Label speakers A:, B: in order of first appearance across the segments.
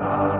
A: Uh...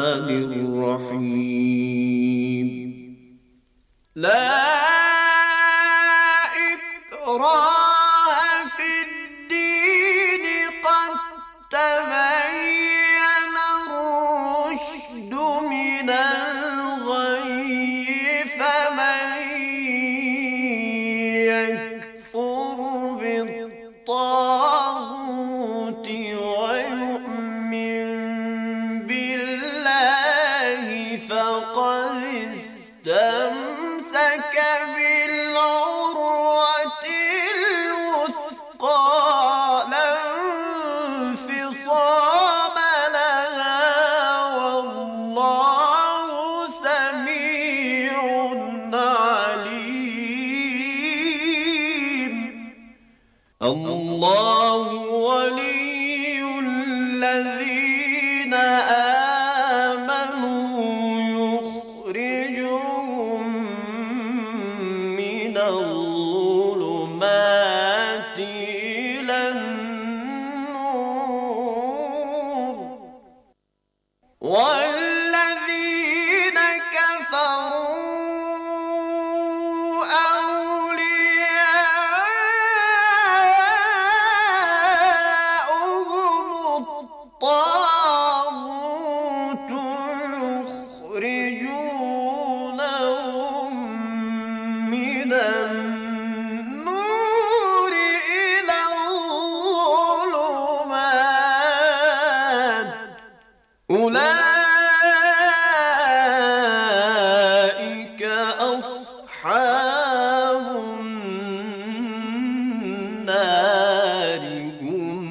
B: أصحاب النار هم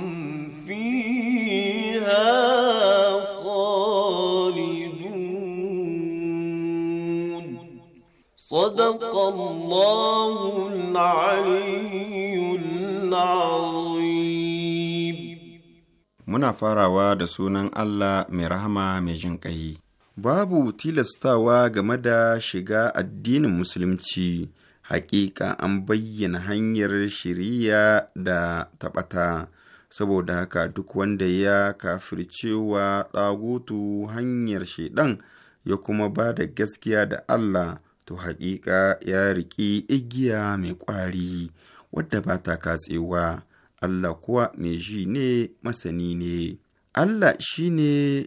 B: فيها خالدون صدق الله العلي العظيم
C: muna farawa da sunan Allah mai rahma, mai jinƙayi. babu tilastawa game da shiga addinin musulunci hakika an bayyana hanyar shiriya da taɓata saboda haka duk wanda ya cewa tsagutu hanyar shaidan ya kuma ba da gaskiya da allah to hakika ya riƙi igiya mai ƙwari wadda ba ta katsewa allah kuwa mai ji ne masani ne allah shi ne.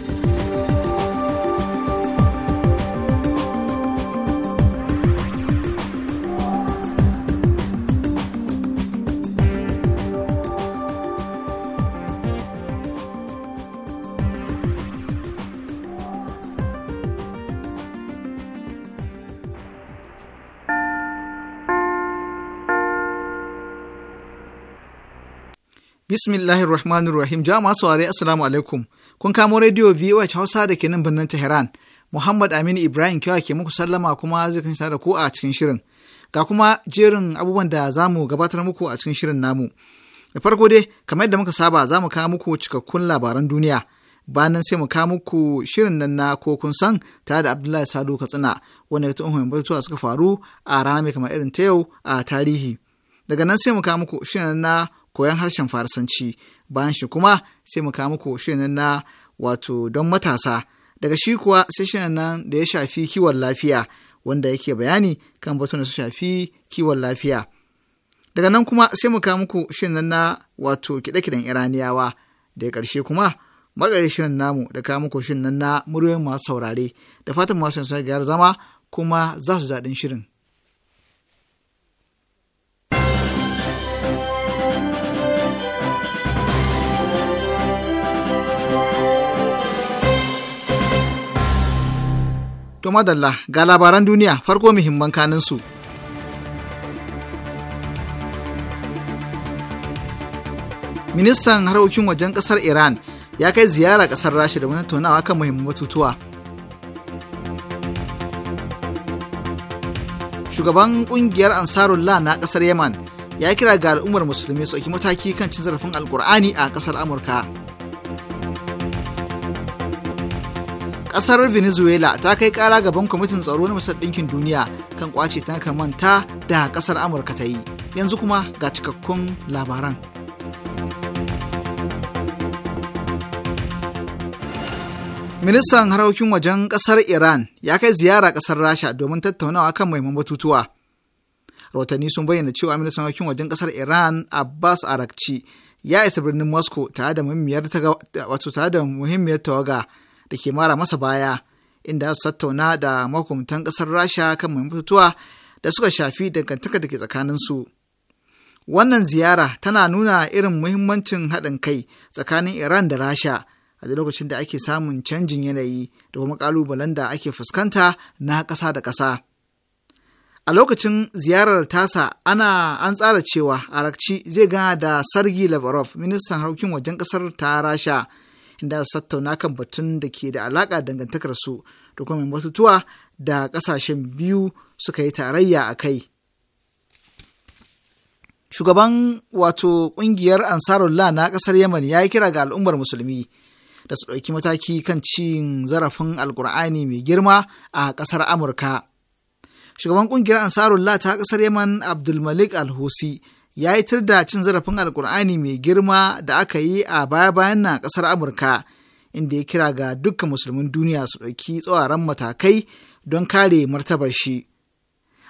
D: Bismillahir Rahmanir Rahim. Jama'a saurare Assalamu alaikum. Kun kamo rediyo VOH Hausa da ke nan birnin Tehran. Muhammad Aminu Ibrahim Kyawa ke muku sallama kuma zai kan da ku a cikin shirin. Ga kuma jerin abubuwan da za mu gabatar muku a cikin shirin namu. Da farko dai, kamar yadda muka saba za mu kawo muku cikakkun labaran duniya. Bayan sai mu kawo muku shirin nan na ko kun san tare da Abdullahi Sadu Katsina wanda ya tuhumin batutuwa suka faru a rana mai kamar irin ta yau a tarihi. Daga nan sai mu kawo muku shirin na koyon harshen Farisanci. Bayan shi kuma sai mu kawo muku shirin na wato don matasa. Daga shi kuwa sai shirin nan da ya shafi kiwon lafiya wanda yake bayani kan batun da su shafi kiwon lafiya. Daga nan kuma sai mu kawo muku shirin na wato kiɗe-kiɗen Iraniyawa. Daga ƙarshe kuma magare shirin namu da kawo muku shirin na muryoyin masu saurare da fatan masu yin zama kuma za su daɗin shirin. To madalla ga labaran duniya farko muhimman su Ministan harkokin wajen ƙasar Iran ya kai ziyara ƙasar Rasha da wani tattaunawa kan muhimman batutuwa. Shugaban ƙungiyar Ansarullah na ƙasar Yaman ya kira ga al'ummar musulmi su mataki kan cin zarafin alkur'ani a ƙasar Amurka. kasar venezuela ta kai kara gaban kwamitin tsaro na masar ɗinkin duniya kan kwace tanakar manta da kasar amurka ta yi yanzu kuma ga cikakkun labaran ministan harkokin wajen kasar iran ya kai ziyara kasar rasha domin tattaunawa kan muhimman batutuwa rahotanni sun bayyana cewa ministan harkokin wajen kasar iran abbas arakci ya isa birnin moscow tare da muhimmiyar tawaga da ke mara masa baya inda su tattauna da mahukuntan ƙasar rasha kan mutuwa da suka shafi dangantaka da ke tsakaninsu wannan ziyara tana nuna irin muhimmancin haɗin kai tsakanin iran da rasha a lokacin da ake samun canjin yanayi da kuma ƙalubalen da ake fuskanta na ƙasa da ƙasa a lokacin ziyarar tasa ana an tsara cewa arakci zai gana da sargi lavrov ministan harkokin wajen ƙasar ta rasha inda su tattauna kan batun da ke da alaƙa dangantakar su da kuma batutuwa da ƙasashen biyu suka yi tarayya a kai. Shugaban wato ƙungiyar Ansarullah na ƙasar Yemen ya yi kira ga al'ummar musulmi da su ɗauki mataki kan cin zarafin Alƙur'ani mai girma a ƙasar Amurka. Shugaban ƙungiyar Ansarullah ta ƙasar Yemen Abdulmalik Alhusi ya yi tur da cin zarafin alkur'ani mai girma da aka yi a baya-bayan na ƙasar amurka inda ya kira ga dukkan musulmin duniya su ɗauki tsawaran matakai don kare martabar shi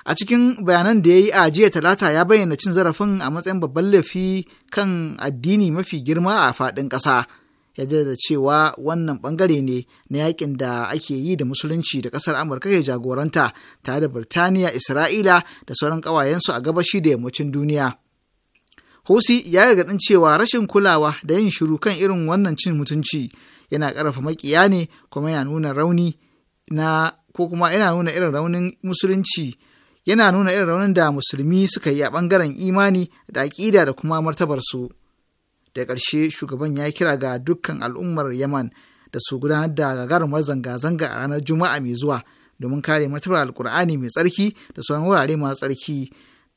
D: a cikin bayanan da ya yi a jiya talata ya bayyana cin zarafin a matsayin babban laifi kan addini mafi girma a faɗin ƙasa ya da cewa wannan bangare ne na yakin da ake yi da musulunci da ƙasar amurka ke jagoranta tare da birtaniya isra'ila da sauran ƙawayensu a gabashi da yammacin duniya Hosi ya yi gaɗin cewa rashin kulawa da yin shiru kan irin wannan cin mutunci yana ƙarfafa maƙiya ne kuma yana nuna rauni na ko kuma yana nuna irin raunin musulunci yana nuna irin raunin da musulmi suka yi a ɓangaren imani da aƙida da kuma martabarsu. Da ƙarshe shugaban ya kira ga dukkan al'ummar Yaman da su gudanar da gagarumar zanga-zanga a ranar Juma'a mai zuwa domin kare martabar Alƙur'ani mai tsarki da sauran wurare masu tsarki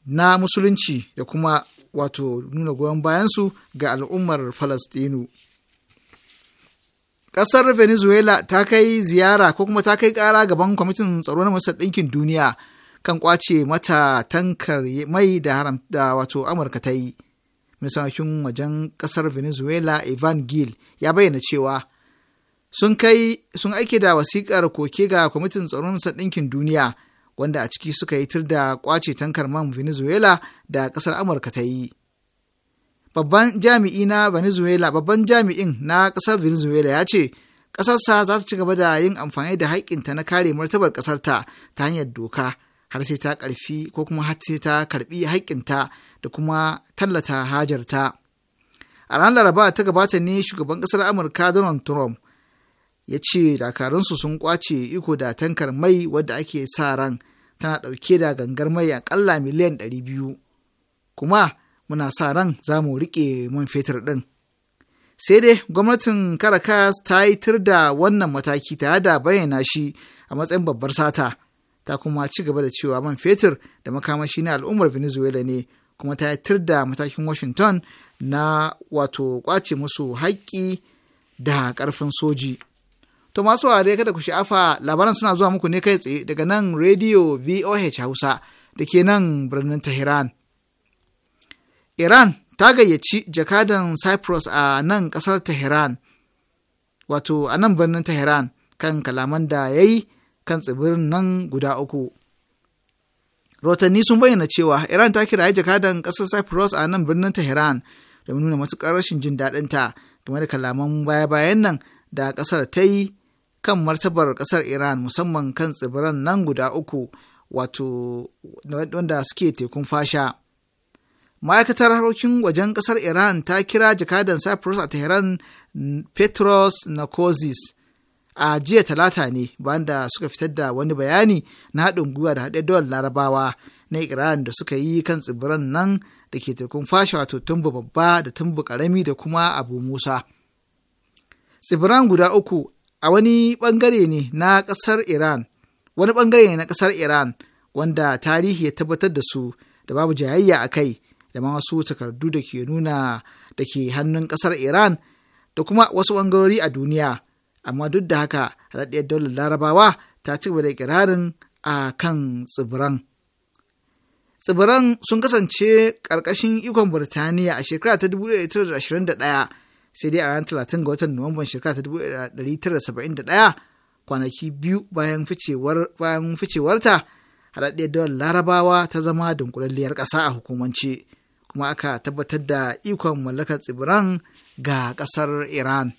D: na musulunci da kuma wato nuna goyon bayansu ga al'ummar falastinu ƙasar venezuela ta kai ziyara ko kuma ta kai ƙara gaban kwamitin tsaro na majalisar ɗinkin duniya kan kwace mata tankar mai da haramta da wato amurka ta yi misakin wajen ƙasar venezuela ivan gil ya bayyana cewa sun kai sun aike da wasiƙar koke ga kwamitin Tsaro na majalisar ɗinkin duniya wanda a ciki suka yi tur da kwace tankar man Venezuela da kasar Amurka ta yi. Babban jami'i na Venezuela, babban jami'in na kasar Venezuela ya ce, ƙasarsa za ta ci gaba da yin amfani da haƙƙinta na kare martabar ƙasarta ta hanyar doka har sai ta ƙarfi ko kuma har sai ta karɓi haƙƙinta da kuma tallata hajarta. A ranar Laraba ta gabata ne shugaban ƙasar Amurka Donald Trump ya ce dakarunsu sun kwace iko da tankar mai wadda ake sa ran tana ɗauke da gangar mai akalla miliyan biyu kuma muna sa ran za mu riƙe man fetur ɗin sai dai gwamnatin caracas ta yi tur da wannan mataki tare da bayyana shi a matsayin babbar sata ta kuma ci gaba da cewa man fetur da makamashi na al'ummar venezuela ne kuma ta yi tur da matakin washington na wato kwace musu haƙƙi da ƙarfin soji. To masu ware kada ku sha'afa labaran suna zuwa muku ne kai tsaye daga nan Radio VOH Hausa da ke nan birnin Tehran. Iran ta gayyaci jakadan Cyprus a nan ƙasar Tehran, wato a nan birnin Tehran kan kalaman da ya yi kan tsibirin nan guda uku. Rotanni sun bayyana cewa Iran ta kiraye jakadan kasar Cyprus a nan birnin Tehran domin nuna matuƙar rashin jin daɗinta game da kalaman baya-bayan nan da ƙasar ta yi kan martabar kasar Iran musamman kan tsibiran nan guda uku wato wanda suke tekun fasha. Ma'aikatar harkokin wajen kasar Iran ta kira jakadan Cyprus a Tehran Petros Nakozis a jiya talata ne bayan da suka fitar da wani bayani na haɗin gwiwa da haɗe dawar larabawa na Iran da suka yi kan tsibiran nan da ke tekun fasha wato tumbu babba da tumbu ƙarami da kuma abu musa. Tsibiran guda uku a wani bangare ne na kasar Iran, wani bangare ne na kasar Iran wanda tarihi ya tabbatar da su da babu jayayya a kai da ma wasu takardu da ke nuna da ke hannun kasar Iran da kuma wasu bangarori a duniya. Amma duk da haka, haɗaɗɗiyar daular larabawa ta ci gaba da kirarin a kan tsibiran. Tsibiran sun kasance ƙarƙashin ikon Birtaniya a shekara ta 1921 sai dai a ranar talatin ga watan nuwamban shekara ta kwanaki biyu bayan bayan ficewarta haɗaɗɗiyar dawar larabawa ta zama dunkulalliyar ƙasa a hukumance kuma aka tabbatar da ikon mallakar tsibiran ga ƙasar iran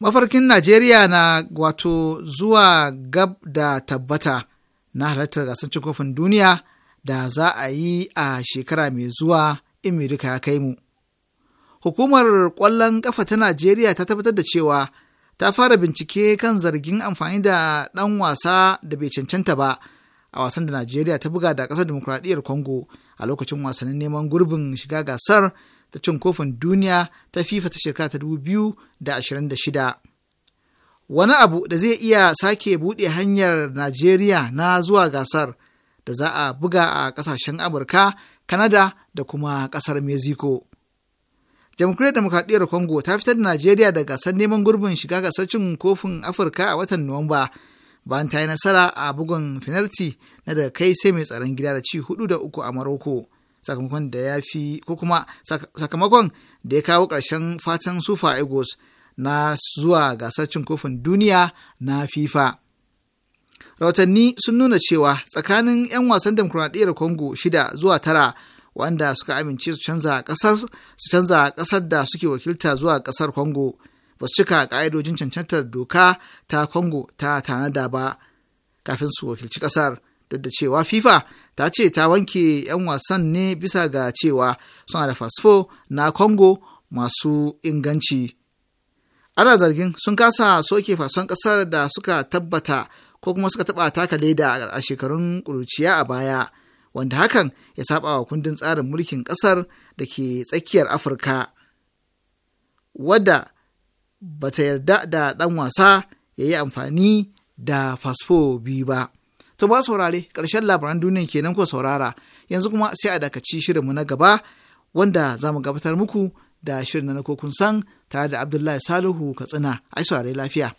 D: mafarkin najeriya na wato zuwa gab da tabbata na halartar gasar cin kofin duniya da za a yi a shekara mai zuwa Imirika ya kai mu. Hukumar ƙwallon ƙafa ta Najeriya ta tabbatar da cewa ta fara bincike kan zargin amfani da ɗan wasa da bai cancanta ba a wasan da Najeriya ta buga da ƙasar demokuraɗiyyar Congo a lokacin wasannin neman gurbin shiga gasar ta cin kofin duniya ta FIFA ta shekara ta 2026. Wani abu da zai iya sake buɗe hanyar Najeriya na zuwa gasar da za a buga a ƙasashen Amurka Kanada da kuma ƙasar Mexico. Jamhuriyar Demokradiyyar Congo ta fitar da Najeriya da gasar neman gurbin shiga gasar cin kofin Afirka a watan Nuwamba bayan ta yi nasara a bugun finalti na daga kai sai mai tsaron gida da ci hudu da uku a Maroko. Sakamakon da ya fi ko kuma sakamakon da ya kawo ƙarshen fatan Sufa Eagles na zuwa gasar cin kofin duniya na FIFA. rahotanni sun nuna cewa tsakanin 'yan wasan demokuraɗiyar congo shida zuwa tara wanda suka amince su canza ƙasar su canza ƙasar da suke wakilta zuwa ƙasar congo ba su cika ƙa'idojin cancantar doka ta congo ta tanada ba kafin su wakilci ƙasar duk da cewa fifa ta ce ta wanke 'yan wasan ne bisa ga cewa suna da fasfo na congo masu inganci ana zargin sun kasa soke fason ƙasar da suka tabbata ko kuma suka taɓa taka leda a shekarun ƙuruciya a baya wanda hakan ya saba wa kundin tsarin mulkin ƙasar da ke tsakiyar afirka wadda ba ta yarda da ɗan wasa ya yi amfani da fasfo biyu ba to ba saurare ƙarshen labaran duniya kenan ko saurara yanzu kuma sai a dakaci shirinmu na gaba wanda za mu gabatar muku da shirin na kokun san tare da abdullahi salihu katsina ai saurare lafiya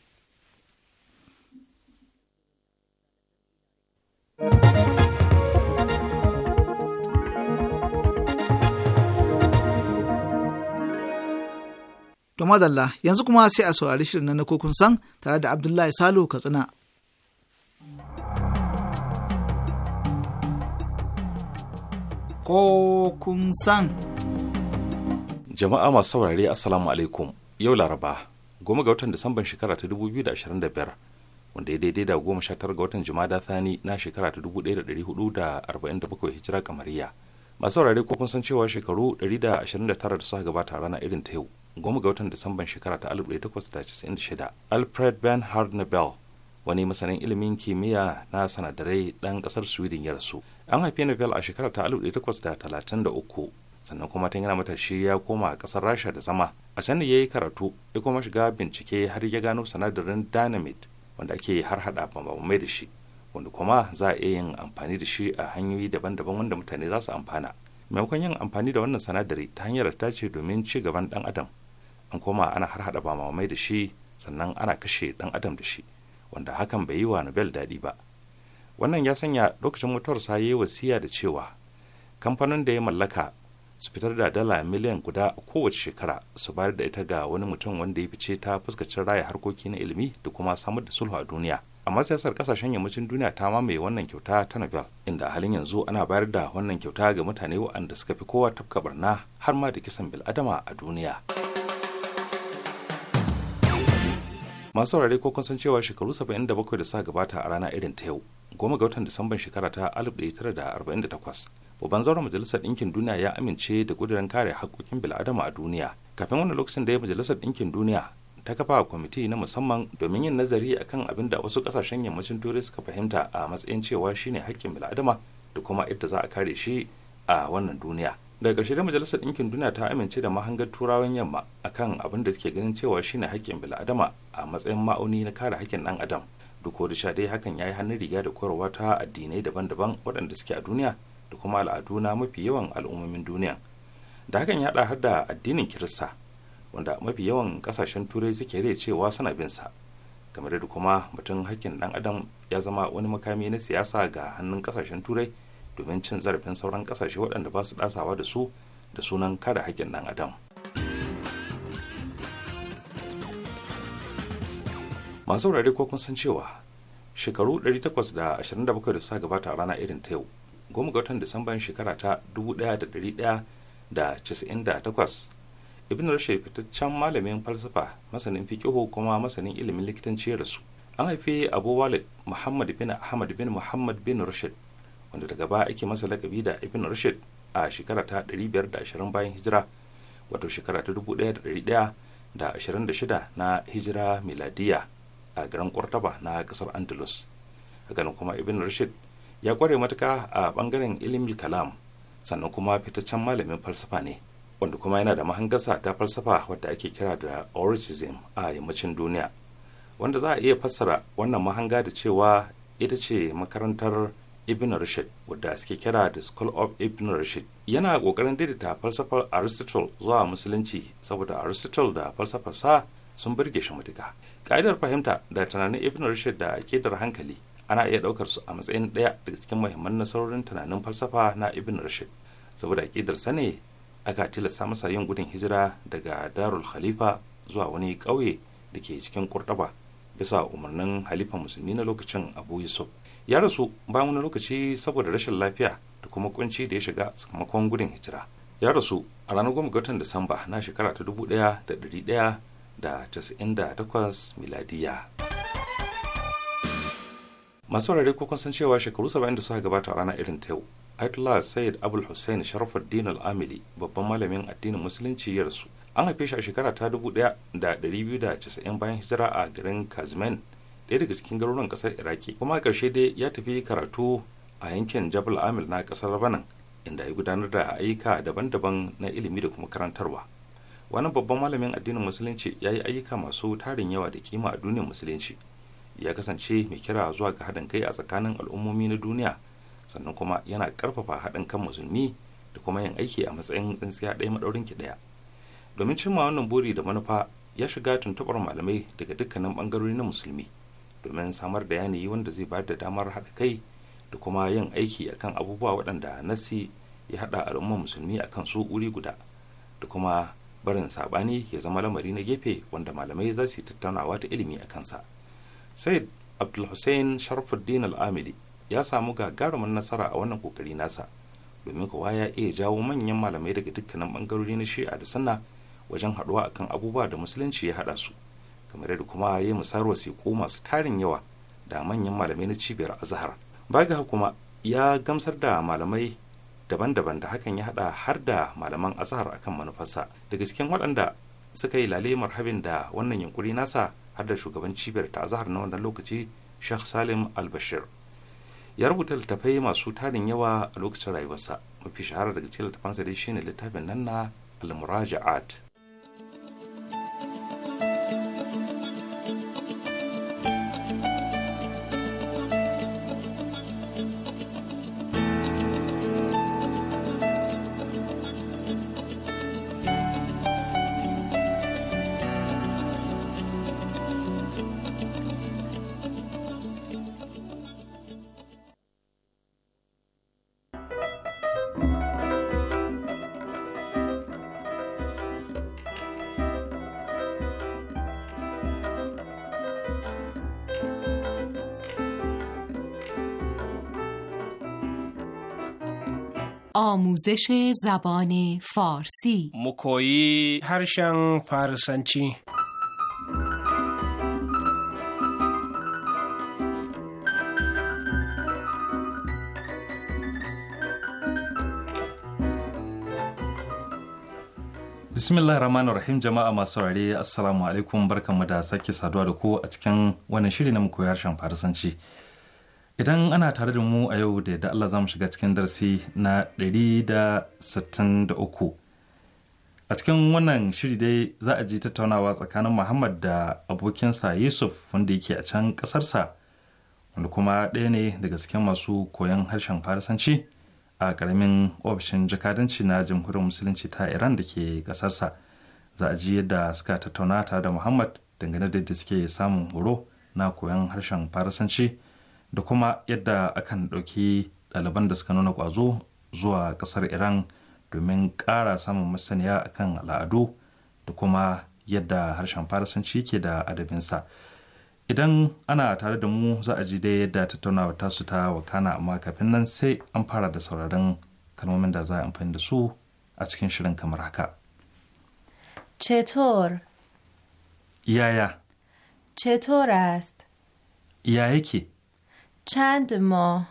D: To madalla yanzu kuma sai a saurari shirin na kokun san tare da Abdullahi Salo Katsina. Kokun san.
E: Jama'a masu saurare Assalamu alaikum yau Laraba goma ga watan Disamban shekara ta 2025 wanda ya daidai da goma sha tara ga watan jumada thani na shekara ta dubu da ɗari hudu da arba'in da bakwai hijira kamariya masu saurare ko kun san cewa shekaru ɗari da ashirin da tara da suka gabata rana irin ta yau goma ga watan disamban shekara ta alif ɗaya takwas da casa'in da shida alfred bernhard nobel wani masanin ilimin kimiyya na sanadarai ɗan ƙasar sweden ya rasu an haifi nobel a shekara ta alif ɗaya takwas da talatin da uku sannan kuma tun yana matashi ya koma a ƙasar rasha da zama a can ya yi karatu ya kuma shiga bincike har ya gano sanadarin dynamite wanda ake har hada bambamai da shi wanda kuma za a iya yin amfani da shi a hanyoyi daban-daban wanda mutane za su amfana maimakon yin amfani da wannan sanadari ta hanyar da ta ce domin ci gaban dan adam an koma ana har hada bambamai da shi sannan ana kashe dan adam da shi wanda hakan bai yi wa nobel daɗi ba wannan ya sanya lokacin mutuwarsa ya yi wasiya da cewa kamfanin da ya mallaka su fitar da dala miliyan guda kowace shekara su bayar da ita ga wani mutum wanda ya fice ta fuskacin raya harkoki na ilimi da kuma samar da sulhu a duniya amma siyasar kasashen yammacin duniya ta mamaye wannan kyauta ta nobel inda a halin yanzu ana bayar da wannan kyauta ga mutane waɗanda suka fi kowa tafka barna har ma da kisan bil adama a duniya masu saurare ko kun san cewa shekaru 77 da sa gabata a rana irin ta yau goma ga watan disamban shekara ta 1948 babban zauren majalisar ɗinkin duniya ya amince da ƙudurin kare haƙƙoƙin bil'adama a duniya kafin wani lokacin da ya majalisar ɗinkin duniya ta kafa kwamiti na musamman domin yin nazari akan abin da wasu ƙasashen yammacin turai suka fahimta a matsayin cewa shine haƙƙin bil'adama da kuma yadda za a kare shi a wannan duniya daga ƙarshe da majalisar ɗinkin duniya ta amince da mahangar turawan yamma akan abin da suke ganin cewa shi ne haƙƙin bil'adama a matsayin ma'auni na kare haƙƙin ɗan adam duk da sha dai hakan ya yi hannun riga da korowa ta addinai daban-daban waɗanda suke a duniya da kuma al'adu na mafi yawan al'ummomin duniya da hakan ya haɗa har da addinin kirista wanda mafi yawan ƙasashen turai suke rai cewa suna bin sa kamar da kuma mutum hakkin ɗan adam ya zama wani makami na siyasa ga hannun ƙasashen turai domin cin zarafin sauran ƙasashe waɗanda ba su ɗasawa da su da sunan kada hakkin ɗan adam masu saurare ko kun san cewa shekaru 827 da suka gabata a rana irin ta yau goma ga watan disamban shekara ta 1198 ibn rushd fitaccen malamin falsafa masanin fikihu kuma masanin ilimin likitanci ya rasu. an haifi abu walid muhammad bin ahmad bin muhammad bin rushd wanda daga baya ake masa lakabi da ibn rushd a shekara ta 520 bayan hijira wato shekara ta 1126 na hijira miladiya a garin kwartaba na kasar andalus ganin kuma ibn rushd ya kware matuka a bangaren ilimin kalam sannan kuma fitaccen malamin falsafa ne wanda kuma yana da mahangasa ta falsafa wadda ake kira da orichism a yammacin duniya wanda za a iya fassara wannan mahanga da cewa ita ce makarantar ibn rashid wadda suke kira da school of ibn rashid yana kokarin daidaita falsafar aristotle zuwa musulunci saboda aristotle da falsafarsa sun birge shi matuka ka'idar fahimta da tunanin ibn rashid da akidar hankali ana iya ɗaukar su a matsayin ɗaya daga cikin muhimman nasarorin tunanin falsafa na ibn rashid saboda aƙidar sa ne aka tilasta masa yin gudun hijira daga darul khalifa zuwa wani ƙauye da ke cikin kurɗaba bisa umarnin halifa musulmi na lokacin abu yusuf ya rasu bayan wani lokaci saboda rashin lafiya da kuma kunci da ya shiga sakamakon gudun hijira ya rasu a ranar goma ga watan disamba na shekara ta dubu da da da casa'in 1198 miladiya. masu rarrai ko sun cewa shekaru 70 da suka gabata a ranar irin ta yau Ayatollah Sayyid Abul Hussein Sharafuddin Al-Amili babban malamin addinin musulunci ya rasu an haife shi a shekara ta 1290 bayan hijira a garin Kazmen daya daga cikin garuruwan ƙasar Iraki kuma a ƙarshe dai ya tafi karatu a yankin Jabal Amil na ƙasar Lebanon inda ya gudanar da ayyuka daban-daban na ilimi da kuma karantarwa wani babban malamin addinin musulunci ya yi ayyuka masu tarin yawa da kima a duniyar musulunci ya kasance mai kira zuwa ga haɗin kai a tsakanin al'ummomi na duniya sannan kuma yana ƙarfafa haɗin kan musulmi da kuma yin aiki a matsayin tsintsiya ɗaya maɗaurin ki ɗaya domin cimma wannan buri da manufa ya shiga tuntuɓar malamai daga dukkanin ɓangarori na musulmi domin samar da yanayi wanda zai ba da damar haɗa kai da kuma yin aiki akan abubuwa waɗanda nasi ya haɗa al'ummar musulmi akan su wuri guda da kuma barin saɓani ya zama lamari na gefe wanda malamai za su yi tattaunawa ta ilimi a kansa. said abdulhussein sharfuddin al'amidi ya samu gagarumin nasara a wannan kokari nasa domin kowa ya iya jawo manyan malamai daga dukkanin bangarori na shi'a da sunna wajen haɗuwa akan abubuwa da musulunci ya haɗa su kamar yadda kuma ya yi musar ko masu tarin yawa da manyan malamai na cibiyar azhar baga kuma ya gamsar da malamai daban-daban da hakan ya haɗa har da malaman azhar akan manufarsa daga cikin waɗanda suka yi lale habin da wannan yunkuri nasa har da shugaban cibiyar ta azahar na wannan lokaci Sheikh Salim Al-Bashir. Ya rubuta littafai masu tarin yawa a lokacin rayuwarsa. Mafi shahara daga cikin littafansa dai shine littafin nan na Al-Muraja'at
F: آموزش زبان فارسی
G: مکویی harshen فارسنچی
E: bismillah rahman rahim jama'a masu saurare assalamu alaikum barkanmu da sake saduwa da ku a cikin wannan shiri na koyi harshen farisanci idan ana tare da mu a yau da yadda Allah za mu shiga cikin darasi na 163 a cikin wannan shiri dai za a ji tattaunawa tsakanin muhammad da abokinsa yusuf wanda yake a can kasarsa wanda kuma ɗaya ne daga cikin masu koyon harshen farisanci a ƙaramin ofishin jakadanci na jamhuriyar musulunci ta iran da ke ƙasarsa za a ji yadda suka tattauna tare da muhammad dangane da yadda suke samun horo na koyon harshen farisanci da kuma yadda akan ɗauki ɗaliban da suka nuna ƙwazo zuwa ƙasar iran domin ƙara samun masaniya akan al'adu da kuma yadda harshen farisanci ke da adabinsa idan ana tare da mu za a ji dai yadda tattaunawa su ta wakana amma kafin nan sai an fara da sauraron kalmomin da za a amfani da su a cikin shirin kamar haka
F: cetor یایا چطور است؟ یایی چند ماه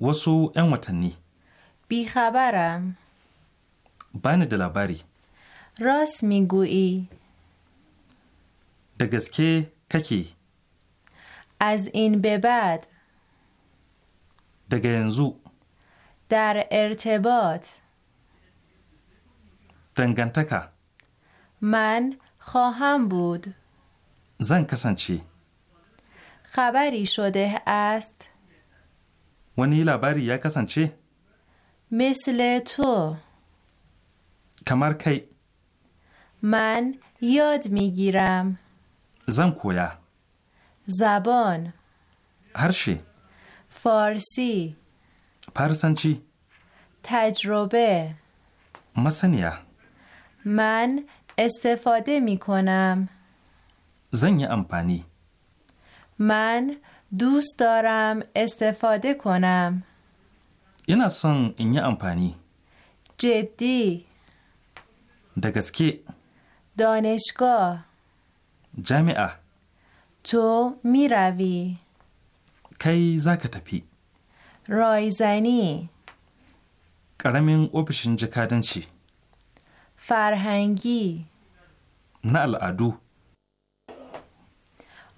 E: وسو ان وطنی
F: بیخبرم
E: بانی دا لاباری
F: راست میگویی
E: دگسکه ککی
F: از این به بعد
E: دگنزو
F: در ارتباط
E: دنگنتکه
F: من خواهم بود
E: زن کسان چی؟
F: خبری شده است
E: ونی باری یا کسان چه؟
F: مثل تو کمر کی؟ من یاد میگیرم
E: زن کویا
F: زبان هرشی فارسی چی؟ تجربه مسنیا من استفاده می کنم
E: زنگ امپانی
F: من دوست دارم استفاده کنم
E: ina son in yi amfani
F: جدی da gaske دانشگاه Jami'a. To میروی
E: kai za ka tafi
F: رایزنی
E: ƙaramin ofishin jakadanci
F: farhangi
E: na al'adu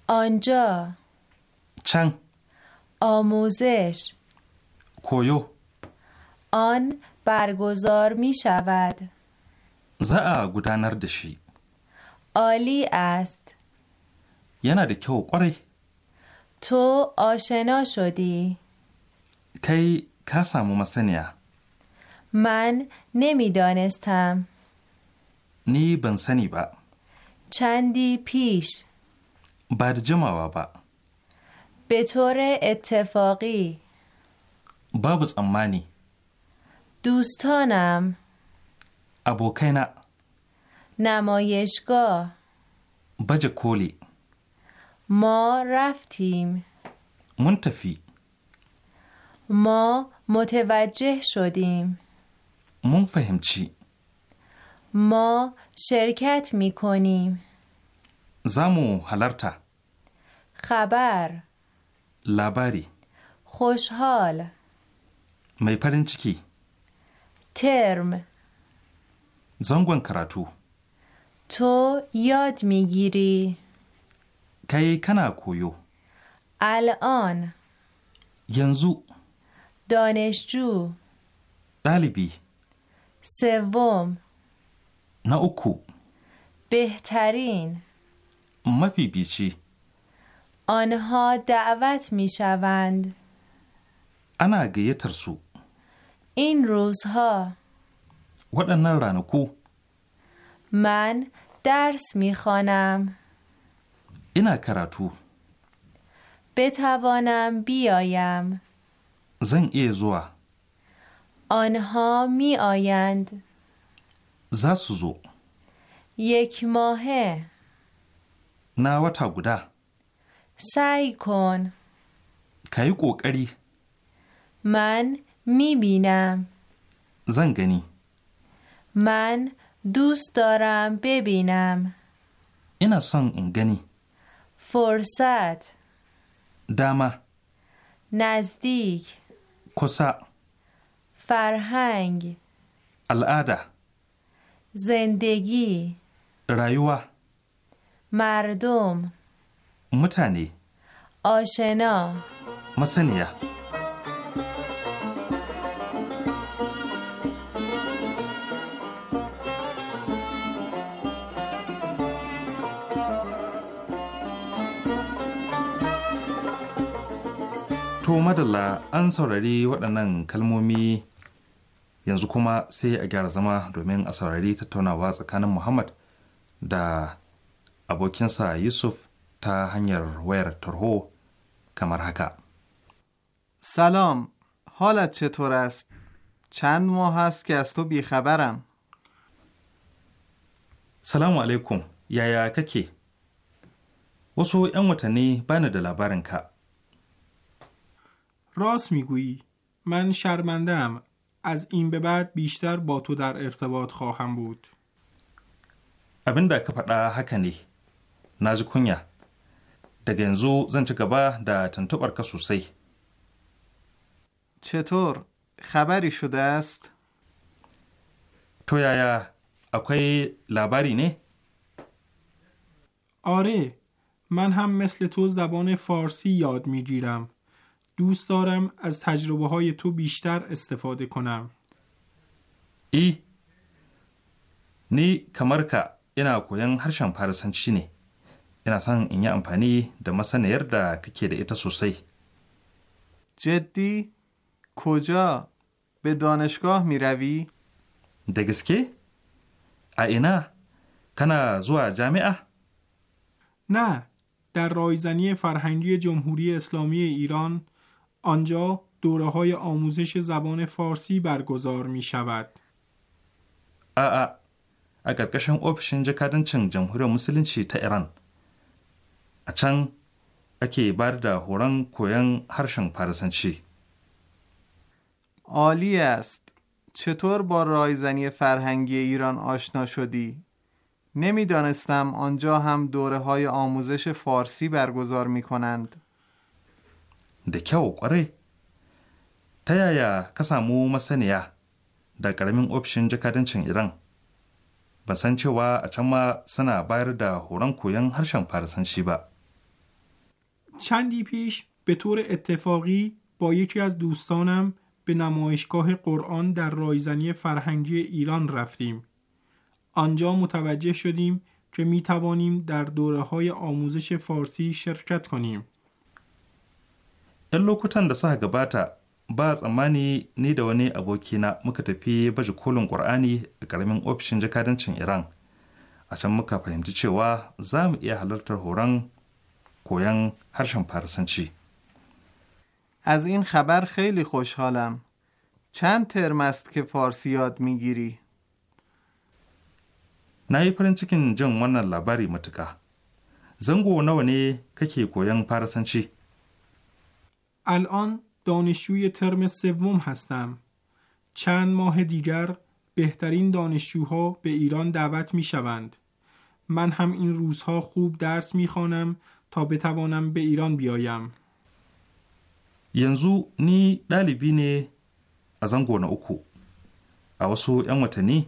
F: آنجا چنگ آموزش کویو آن برگزار می شود
E: زا گدانر دشی
F: عالی است
E: یه که که قره
F: تو آشنا شدی
E: کی کس سامو مسنیا
F: من نمیدانستم
E: نی بنسنی با
F: چندی پیش
E: بر جمع با
F: به طور اتفاقی
E: بابز امانی
F: دوستانم
E: ابوکینا
F: نمایشگاه
E: بج کولی
F: ما رفتیم منتفی ما متوجه شدیم
E: من فهم چی
F: ما شرکت می کنیم
E: زمو هلرتا
F: خبر
E: لاباری
F: خوشحال
E: می چکی
F: ترم
E: زنگوان کراتو
F: تو یاد میگیری
E: کی کنا کویو
F: الان ینزو دانشجو دالبی سوم ناوکو بهترین
E: مپی بیچی
F: آنها دعوت می شوند
E: انا گیتر سو
F: این روزها
E: waɗannan کو؟
F: من درس می
E: اینا کراتو
F: بتوانم بیایم
E: زن ای زوا
F: آنها می آیند
E: زاسوزو
F: یک ماهه
E: na wata guda.
F: Saikon.
E: Ka yi ƙoƙari.
F: Man mibina. Zan gani. Man dustoran na.
E: Ina son in gani.
F: Fursat. Dama. Nazdik. Kusa. Farhang. Al'ada. Zendegi. Rayuwa. مردم متنی آشنا
E: مسنیا To madalla an saurari waɗannan kalmomi yanzu kuma sai a gyara zama domin a saurari tattaunawa tsakanin Muhammad da abokinsa یوسف تا هنگر ویر ترهو کمر
H: سلام حالت چطور است؟ چند ماه هست که از تو بیخبرم
E: سلام علیکم یا یا ککی wasu 'yan watanni bani که.
I: راست میگویی من شرمندم از این به بعد بیشتر با تو در ارتباط خواهم بود.
E: abin da na ji kunya daga yanzu zan ci gaba da tuntuɓar ka
H: چطور خبری شده است؟
E: تو یایا اکوی لابری نه؟
I: آره من هم مثل تو زبان فارسی یاد میگیرم دوست دارم از تجربه های تو بیشتر استفاده کنم ای
E: نی کمرکا اینا کوین هرشن چی نی؟ ina son in yi amfani da masaniyar da kake da ita sosai
H: جدی کجا به دانشگاه می روی؟
E: دگسکی؟ اینا کنا زوه جامعه؟
I: نه در رایزنی فرهنگی جمهوری اسلامی ایران آنجا دوره های آموزش زبان فارسی برگزار می شود.
E: ا اگر کشن اپشن کردن چنگ جمهوری مسلم چی تا ایران a can ake ba da horon koyon harshen farasanci.
H: عالی است چطور با رایزنی فرهنگی ایران آشنا شدی؟ نمیدانستم آنجا هم دوره آموزش فارسی برگزار می کنند
E: دکه و قره تایایا کسامو مسانیا دا کرمین اپشن جکارن چن ایران بسان چه و اچما سنا بایر دا هوران کوین هرشن پارسان شیبا
I: چندی پیش به طور اتفاقی با یکی از دوستانم به نمایشگاه قرآن در رایزنی فرهنگی ایران رفتیم. آنجا متوجه شدیم که می توانیم در دوره های آموزش فارسی شرکت کنیم. ‘Yan lokutan da suka gabata
E: ba tsammani ni da wani abokina muka tafi baje kolin qur'ani a karamin ofishin jakadancin Iran. A can muka fahimci cewa za mu iya halartar horon کویان پرسنچی از این خبر
H: خیلی خوشحالم چند ترم است که فارسی یاد میگیری؟
E: na yi چکن جن لباری wannan labari نو نی ککی ne کویان
I: الان دانشجوی ترم سوم هستم. چند ماه دیگر بهترین دانشجوها به ایران دعوت می شوند. من هم این روزها خوب درس می خوانم تا بتوانم به ایران بیایم
E: ینزو نی دلیبی نه از آن گونه اوکو a wasu 'yan watanni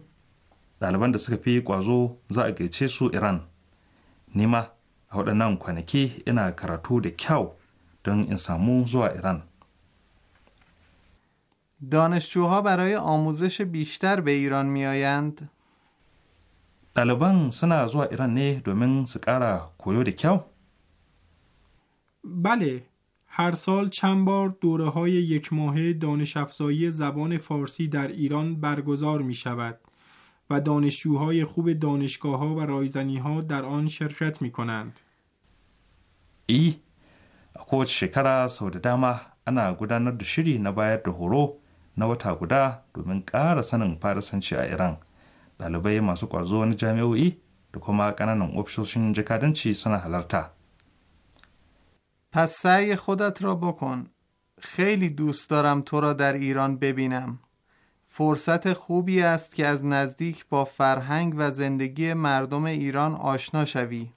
E: ɗaliban da suka fi ƙwazo za a gaice su iran nima a waɗannan kwanaki ina karatu da kyau don in samu zuwa iran
H: دانشجوها برای آموزش بیشتر به ایران می آیند؟
E: ɗaliban suna zuwa Iran ne domin su ƙara koyo da kyau?
I: بله هر سال چند بار دوره های یک ماهه دانش افزایی زبان فارسی در ایران برگزار می شود و دانشجوهای خوب دانشگاه ها و رایزنی ها در آن شرکت می کنند.
E: ای اکوچ شکره سود دامه انا گوده ند شری نباید دو هرو نو تا گوده دو منک سنن پارسنچی چی ایران لالو بله، ماسو قرزو او ای دو کما کنن اپشوشن جکادن چی سنه
H: پس سعی خودت را بکن خیلی دوست دارم تو را در ایران ببینم فرصت خوبی است که از نزدیک با فرهنگ و زندگی مردم ایران آشنا شوی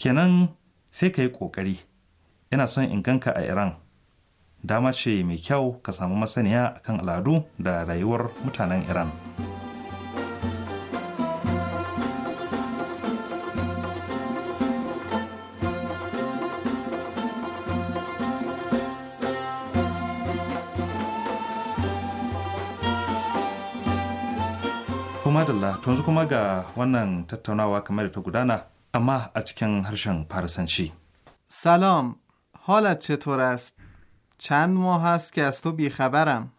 E: کنن سه که کوکری ƙoƙari ina اینکن که ایران a iran dama کسامو mai کن الادو در رایور متانن ایران, madalla yanzu kuma اما سلام حالت چطور است؟
I: چند ماه است که از تو بیخبرم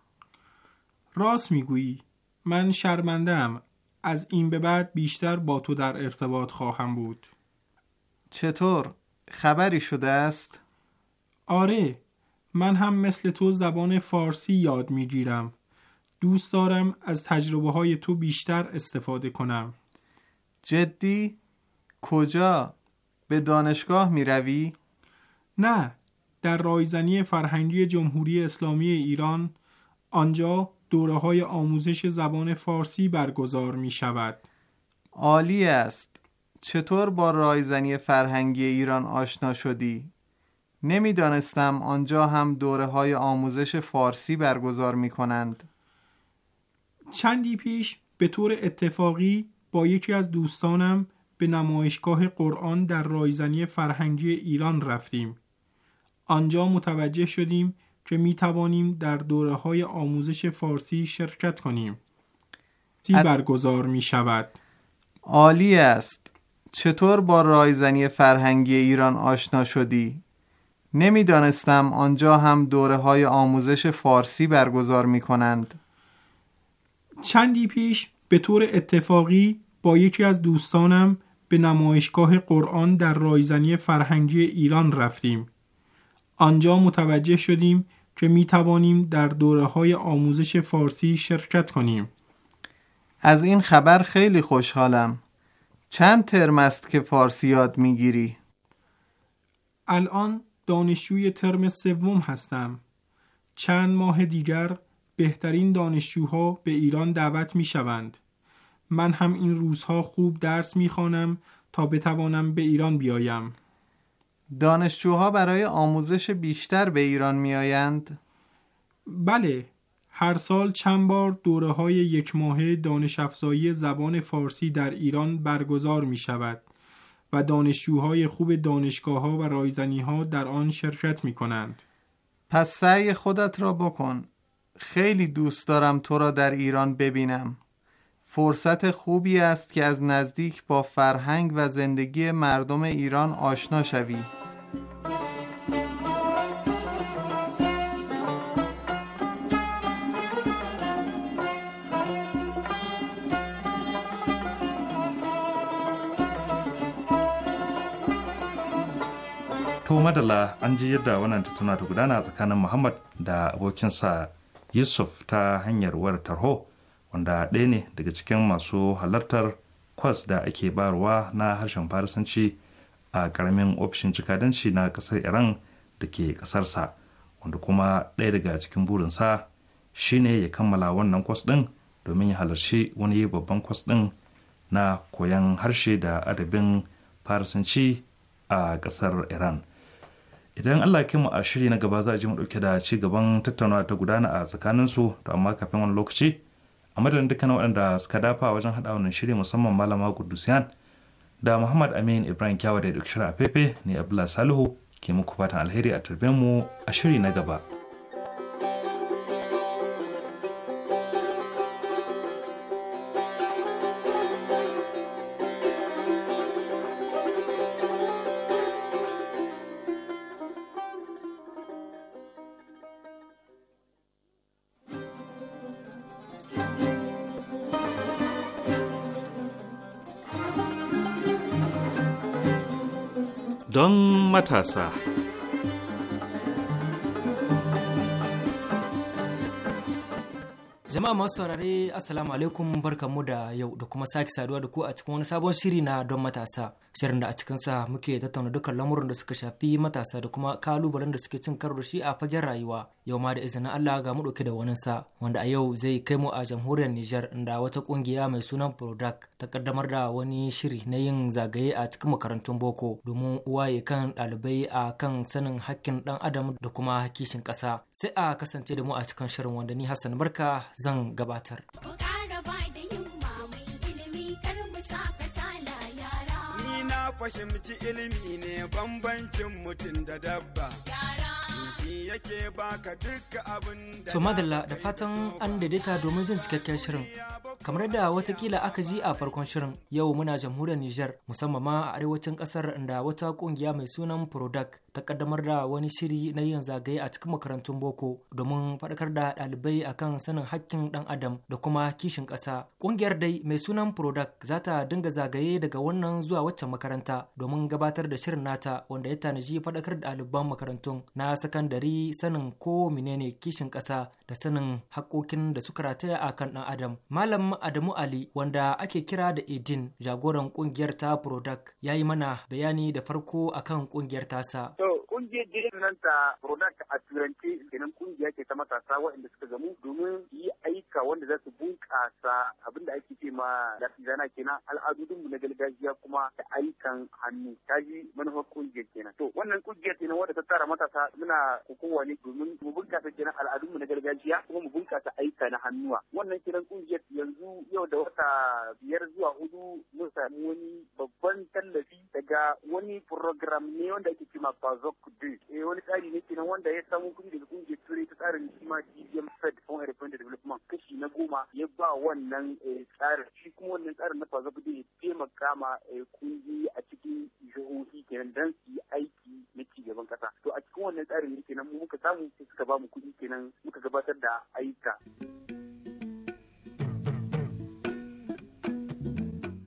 I: راست میگویی من شرمندم از این به بعد بیشتر با تو در ارتباط خواهم بود چطور؟ خبری شده است؟ آره من هم مثل تو زبان فارسی یاد میگیرم دوست دارم از تجربه های تو بیشتر استفاده کنم جدی؟ کجا؟ به دانشگاه می روی؟ نه در رایزنی فرهنگی جمهوری اسلامی ایران آنجا دوره های آموزش زبان فارسی برگزار می شود عالی است چطور با
H: رایزنی فرهنگی ایران آشنا شدی؟ نمیدانستم آنجا هم دوره های آموزش فارسی برگزار می کنند
I: چندی پیش به طور اتفاقی با یکی از دوستانم به نمایشگاه قرآن در رایزنی فرهنگی ایران رفتیم. آنجا متوجه شدیم که می توانیم در دوره های آموزش فارسی شرکت کنیم. سی برگزار می شود. عالی است. چطور با
H: رایزنی فرهنگی ایران آشنا شدی؟ نمیدانستم آنجا هم دوره های آموزش فارسی برگزار می کنند.
I: چندی پیش به طور اتفاقی با یکی از دوستانم به نمایشگاه قرآن در رایزنی فرهنگی ایران رفتیم. آنجا متوجه شدیم که می توانیم در دوره های آموزش فارسی شرکت کنیم. از این خبر خیلی خوشحالم. چند ترم است که فارسی
H: یاد می گیری؟
I: الان دانشجوی ترم سوم هستم. چند ماه دیگر بهترین دانشجوها به ایران دعوت می شوند. من هم این روزها خوب درس می تا بتوانم به ایران بیایم. دانشجوها برای آموزش بیشتر به ایران می آیند؟ بله، هر سال چند بار دوره های یک ماهه دانش افزایی زبان فارسی در ایران برگزار می شود و دانشجوهای خوب دانشگاه ها و رایزنی ها در آن شرکت می کنند.
H: پس سعی خودت را بکن خیلی دوست دارم تو را در ایران ببینم فرصت خوبی است که از نزدیک با فرهنگ و زندگی مردم ایران آشنا شوی
E: تو مدلا an ji wannan tattauna محمد gudana tsakanin muhammad da abokinsa yusuf ta hanyar wayar tarho wanda ɗaya ne daga cikin masu halartar kwas da ake barwa na harshen farisanci a ƙaramin ofishin cikadanci na ƙasar iran da ke ƙasarsa wanda kuma ɗaya daga cikin burinsa shine ya kammala wannan kwas ɗin domin ya halarci wani babban kwas ɗin na koyon harshe da adabin farisanci a ƙasar iran idan allah mu a shiri na gaba za a ji mu dauke da ci gaban tattaunawa ta gudana a tsakanin su to amma kafin wani lokaci a madadin dukkanin waɗanda suka dafa wajen haɗa wannan shiri musamman malama gudusiyan da muhammad amin ibrahim kyawa da ya ɗauki shirin a fefe ne abdullahi salihu ke muku fatan alheri a tarbe mu a shiri na gaba. matasa.
J: Jama'a masu saurare Assalamu alaikum mu da yau da kuma sake saduwa da ku a cikin wani sabon shiri na don matasa. Shirin da a cikin sa muke tattauna dukkan lamurin da suka shafi matasa da kuma kalubalen da suke cin karo da shi a fagen rayuwa. Yau ma da izinin Allah ga mu dauke da wani sa wanda a yau zai kai mu a jamhuriyar Nijar inda wata kungiya mai sunan Prodac ta kaddamar da wani shiri na yin zagaye a cikin makarantun boko domin waye kan ɗalibai a kan sanin hakkin dan adam da kuma kishin ƙasa. Sai a kasance da mu a cikin shirin wanda ni Hassan Barka zan zan gabatar.
C: fahimci ilimi ne bambancin mutum da dabba. yake baka da
J: To madalla da fatan an daidaita domin zan cikakken shirin. Kamar da watakila aka ji a farkon shirin yau muna jamhuriyar Nijar musamman ma a arewacin kasar da wata kungiya mai sunan Prodac ta kaddamar da wani shiri na yin zagaye a cikin makarantun boko domin faɗakar da ɗalibai akan sanin hakkin ɗan adam da kuma kishin ƙasa ƙungiyar dai mai sunan product za ta dinga zagaye daga wannan zuwa waccan makaranta domin gabatar da shirin nata wanda ya tanaji faɗakar da ɗaliban makarantun na sakandare sanin ko menene kishin ƙasa da sanin haƙƙokin da suka rataya a kan ɗan adam malam adamu ali wanda ake kira da edin jagoran ƙungiyar ta product ya yi mana bayani da farko akan ƙungiyar tasa
K: So kungiyar da nan ta product a turanci kenan kungiya ke ta matasa waɗanda suka gamu domin yi aika wanda za su bunƙasa abin da ake ce ma zana kenan al'adudinmu na gargajiya kuma da ayyukan hannu ta ji manufar kungiyar kenan to wannan kungiyar kenan wadda ta tara matasa muna kokowa ne domin mu bunƙasa kenan al'adunmu na gargajiya kuma mu bunƙasa ayyuka na hannuwa wannan kenan kungiyar yanzu yau da wata biyar zuwa hudu mun samu wani babban tallafi daga wani program ne wanda ake ce ma bazok E eh wani tsari ne kenan wanda ya samu kudi daga kungiyar turai ta tsarin kima DVM Fed for Independent Development kashi na goma ya ba wannan eh, tsarin shi kuma wannan tsarin na faza bude ya taimaka ma eh, kungiyoyi a cikin jihohi kenan dan su yi aiki na ci gaban kasa to a cikin wannan tsarin ne kenan mu muka samu sai suka ba mu kuɗi kenan muka gabatar da ayyuka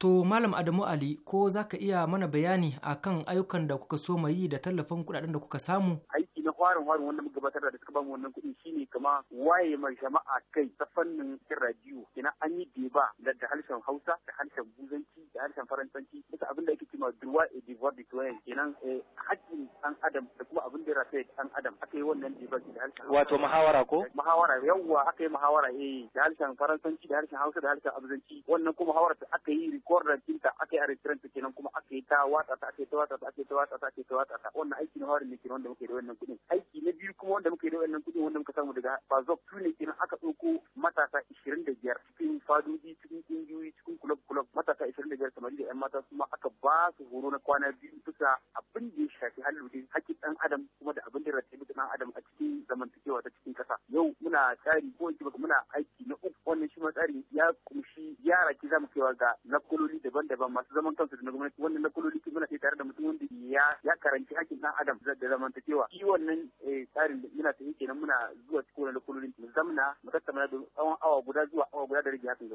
J: To Malam Adamu Ali ko za ka iya mana bayani akan ayyukan da kuka so yi da tallafin kudaden da kuka samu?
K: Aiki na farin farin wanda muka gabatar da suka bamu wannan kuɗi shine kama waye ma jama'a kai ta fannin radio ina an yi deba da harshen Hausa da harshen Buzanci da harshen faransanci duka abin da ake cewa duwa e de toile kenan eh, hakkin ɗan adam da kuma abin da ya rafe ɗan adam aka yi wannan divoire da harshen wato muhawara ko muhawara yawwa aka yi muhawara eh da harshen faransanci da harshen hausa da harshen abzanci wannan kuma muhawara ta aka yi recording ɗinta aka yi a restaurant kenan kuma aka yi ta watsa ta aka yi ta watsa ta aka yi ta watsa ta aka yi ta watsa ta wannan aiki na hawarin ne kenan wanda muke da wannan kuɗin aiki na biyu kuma wanda muke da wannan kuɗin wanda muka samu daga bazok tune kenan aka ɗauko matasa ishirin da biyar fadodi cikin kungiyoyi cikin kulob kulob matasa 25 samari da yan mata kuma aka ba su horo na kwana biyu bisa abin da ya shafi halloli hakkin dan adam kuma da abin da ya rattabi dan adam a cikin zamantakewa ta cikin kasa yau muna tsari ko muna aiki na uku wannan shi ma tsari ya kumshi yara ki zamu kaiwa ga nakololi daban-daban masu zaman kansu da na gwamnati wannan nakololi muna tare da ya ya karanci hakkin dan adam da zamantakewa shi wannan eh, tsarin da ta yake kenan muna zuwa cikin wani lokulolin mu zamna mu tattauna tsawon awa guda zuwa awa guda da rage hakan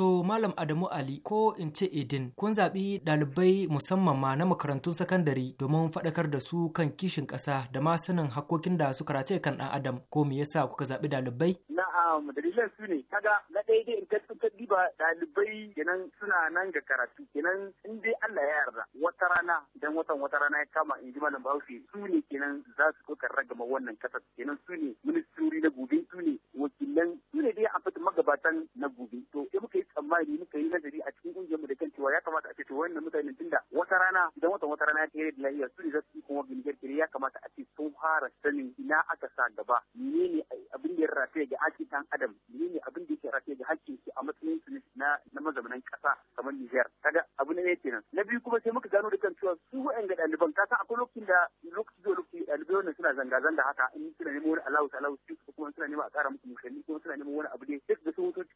J: To Malam Adamu Ali ko in ce Idin kun zaɓi ɗalibai musamman ma na makarantun sakandare domin faɗakar da su kan kishin ƙasa da ma sanin hakkokin da su karace kan ɗan adam ko me yasa kuka zaɓi ɗalibai?
K: Na'am dalilan su ne kaga na ɗaya dai in ka diba ɗalibai kenan suna nan ga karatu kenan in dai Allah ya yarda wata rana idan watan wata rana ya kama in ji malam Bahaushe su ne kenan za su ɗaukar gama wannan kasar kenan su ne ministiri na gobe su ne wakilan su ne dai a fata magabatan na gobe to amma da muka yi nazari a cikin kungiyar mu da kan cewa ya kamata a ce to wannan mutanen tunda wata rana idan wata wata rana ta yi da lafiya su ne za su yi kuma bindigar kire ya kamata a ce sun fara sanin ina aka sa gaba ne ne abin da ya rataya ga haƙƙin ɗan adam ne ne abin da ya rataya ga hakkin su a matsayin su na na mazaunan ƙasa kamar Niger kaga abu ne kenan na biyu kuma sai muka gano da kan cewa su ga ɗaliban ka san akwai lokacin da lokaci zuwa lokaci ɗalibai wannan suna zanga-zanga haka in suna neman wani alawus alawus kuma suna neman a ƙara musu mushanni kuma suna neman wani abu ne duk da sun wuto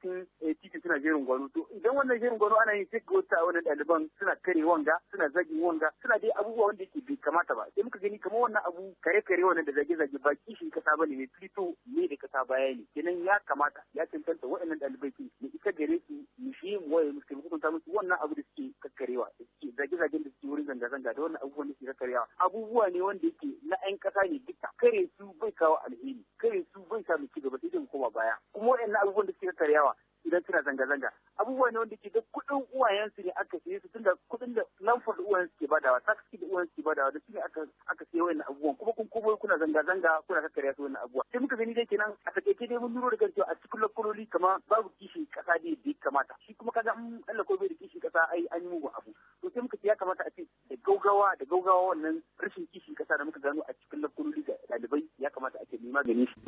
K: suna jerin gwano to idan wannan jerin gwano ana yin sai ga wasu wannan ɗaliban suna kare wanga suna zagin wanga suna dai abubuwa wanda ke bai kamata ba sai muka gani kamar wannan abu kare kare wannan da zage zage ba kishin kasa ba ne mai fito ne da kasa baya ne kenan ya kamata ya cancanta waɗannan ɗalibai su ne ita gare su mu shi mu waye mu musu hukunta musu wannan abu da suke kakarewa da suke zage zagen da suke wurin zanga zanga da wannan abubuwan da suke kakarewa abubuwa ne wanda yake na 'yan kasa ne duka kare su bai kawo alheri kare su bai sa mu ci gaba sai dai mu koma baya kuma waɗannan abubuwan da suke kakarewa idan suna zanga-zanga abubuwa ne wanda ke da kuɗin uwayensu ne aka siye su tunda kuɗin da lamfar uwayensu ke badawa tax da uwayensu ke badawa da shine aka aka siye wannan abubuwan kuma kun komo kuna zanga-zanga kuna kakkarya su wannan abubuwa sai muka gani dai kenan a takaice dai mun lura da cewa a cikin lakololi kama babu kishin kasa ne da ya kamata shi kuma kaga an Allah ko bai da kishin kasa ai an yi mugun abu to sai muka ce ya kamata a ce da gaugawa da gaugawa wannan rashin kishin kasa da muka gano a cikin lakololi ga ɗalibai ya kamata a ce mai maganin shi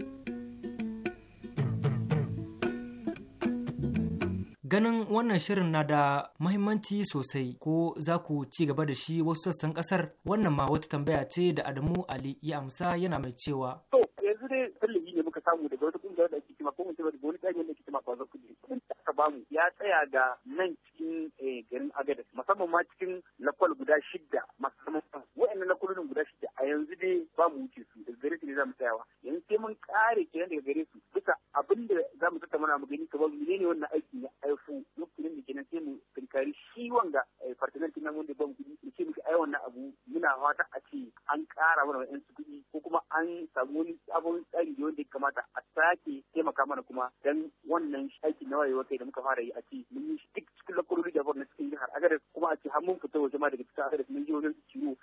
K: Ganin
J: wannan shirin na da mahimmanci sosai ko za ku ci gaba da shi wasu sassan kasar wannan ma wata tambaya ce da Adamu Ali ya amsa yana mai cewa.
L: To yanzu dai tallafi
K: ne muka samu daga wata kungiyar da ake kima ko mutum da wani da ake kima kwazon kudi. Kudin da aka bamu ya tsaya ga nan cikin eh, garin agada musamman ma cikin lakwal guda shida, masu zaman waɗannan guda shida a yanzu dai ba mu wuce su da gare su ne za mu tsayawa yanzu sai mun kare kenan daga gare su bisa abin da za mu tattauna mu gani kamar ne wannan aiki ya aifu lokacin da kenan sai mu tunkari shi wanga eh, partner kin wanda ba mu kudi mu ce muke ai wannan abu muna fata a ce an ƙara mana wa'in su kuɗi ko kuma an samu wani sabon tsari da wanda ya kamata a sake taimaka mana kuma dan wannan aiki na wayewa kai da muka fara yi a ce mun yi shi duk cikin lakurori da na cikin jihar agadas kuma a ce har mun fita waje ma daga cikin agadas mun je wajen su ciwo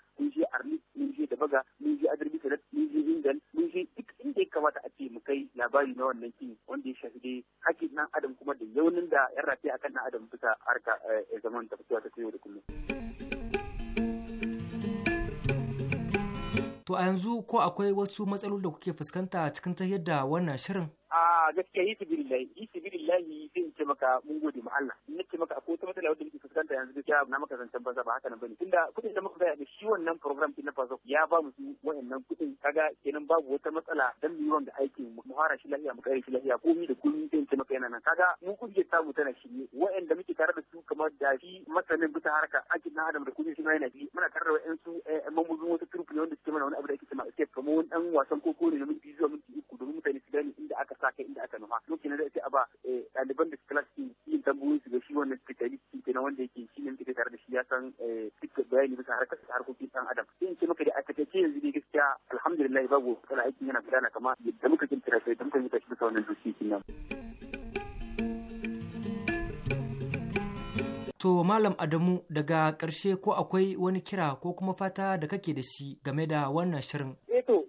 K: kai labari na wannan kin wanda ya shafi dai hakkin ɗan adam kuma da yaunin da yan rafi akan ɗan adam bisa harka eh, zaman da fitowa ta yau da kullum.
J: To a yanzu ko akwai wasu matsaloli da kuke fuskanta cikin ta yadda wannan shirin?
K: A gaskiya yi yi wallahi sai ce maka mun gode ma Allah in ce maka akwai wata matsala wadda muke fuskanta yanzu gaskiya na maka zancen banza ba haka nan bane tunda kudin da muka bayar da shi wannan program din na fazo ya ba mu su wayannan kudin kaga kenan babu wata matsala dan mu yi wanda aikin mu fara shi lafiya mu kare shi lafiya komi da komi sai ce maka yana nan kaga mu ta mu tana shirye wayanda muke tare da su kamar da shi masanin bisa harka aikin na adam da kudin shi ma yana bi muna tare da wayansu eh, mamuzin wata turfi wanda suke mana wani abu da ake cewa escape kamar wani dan wasan koko ne na minti zuwa minti uku domin mutane su gane da aka sa kai inda aka nufa lokacin da a ba eh, ɗaliban da class ke yin tambayoyin su ga shi wannan ke na wanda yake shi ne muke tare da shi ya san eh, duk bayani bisa harkar harkokin dan adam sai in ce maka da a takaice yanzu dai gaskiya alhamdulillah babu kana aikin yana gudana kama yadda muka tira sai da muka yi tashi bisa wannan dokokin nan
J: To Malam Adamu daga ƙarshe ko akwai wani kira ko kuma fata da kake da shi game da wannan shirin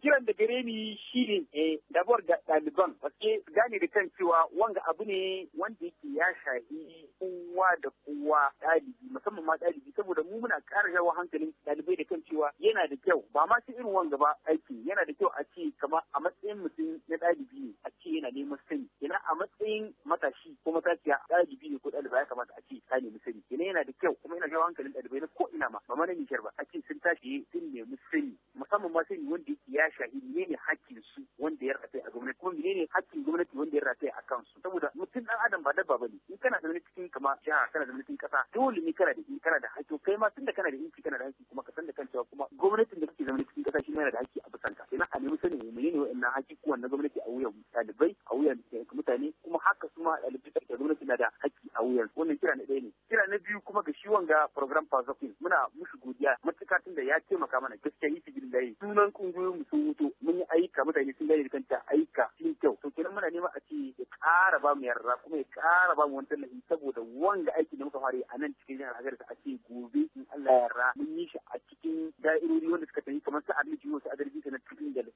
K: kiran da gare ni shi ne dabuwar eh, ga ɗaliban wace gane da kan cewa wanga abu ne wanda yake ya shahi kowa da kowa ɗalibi musamman ma ɗalibi saboda mu muna ƙara jawo hankalin ɗalibai da kan cewa yana da kyau ba ma ce irin wanga ba aiki yana da kyau a ce kamar a matsayin mutum na ɗalibi ne a ce yana neman sani ina a matsayin matashi ko matashiya ɗalibi ne ko ɗaliba ya kamata a ce ka nemi sani ina yana da kyau kuma yana jawo hankalin ɗalibai na ko ina ma ba ma na Nijar ba a ce sun tashi sun nemi sani musamman ma sai wanda ya shahi ne hakkin su wanda ya rataye a gwamnati kuma ne hakkin gwamnati wanda ya rataye a kansu saboda mutum dan adam ba dabba bane in kana zaune cikin kama jiha kana zaune cikin kasa dole ne kana da kana da hakki kai ma tunda kana da inci kana da hakki kuma ka san da kan cewa kuma gwamnatin da kake zaune cikin kasa shi yana da hakki a bisa ka kenan a nemi sanin menene hakki hakikuwan na gwamnati a wuyan ɗalibai a wuyan mutane kuma haka su ma ɗalibai da gwamnati na da hakki a wuyan wannan kira na ɗaya ne kira na biyu kuma ga shi wanga program fazofin muna mushi godiya da ya ce maka mana gaskiya yi sigin layi sunan kungiyoyin mu sun wuto mun yi aika mutane sun gane kanta aika sun kyau to kenan muna nema a ce ya ƙara ba mu yarda kuma ya ƙara ba mu wani tallafi saboda wanga aiki da muka fara a nan cikin jihar Hajar a ce gobe in Allah ya yarda mun yi shi a cikin da'irori wanda suka tafi kamar su Arliti wasu Adarji na cikin Gal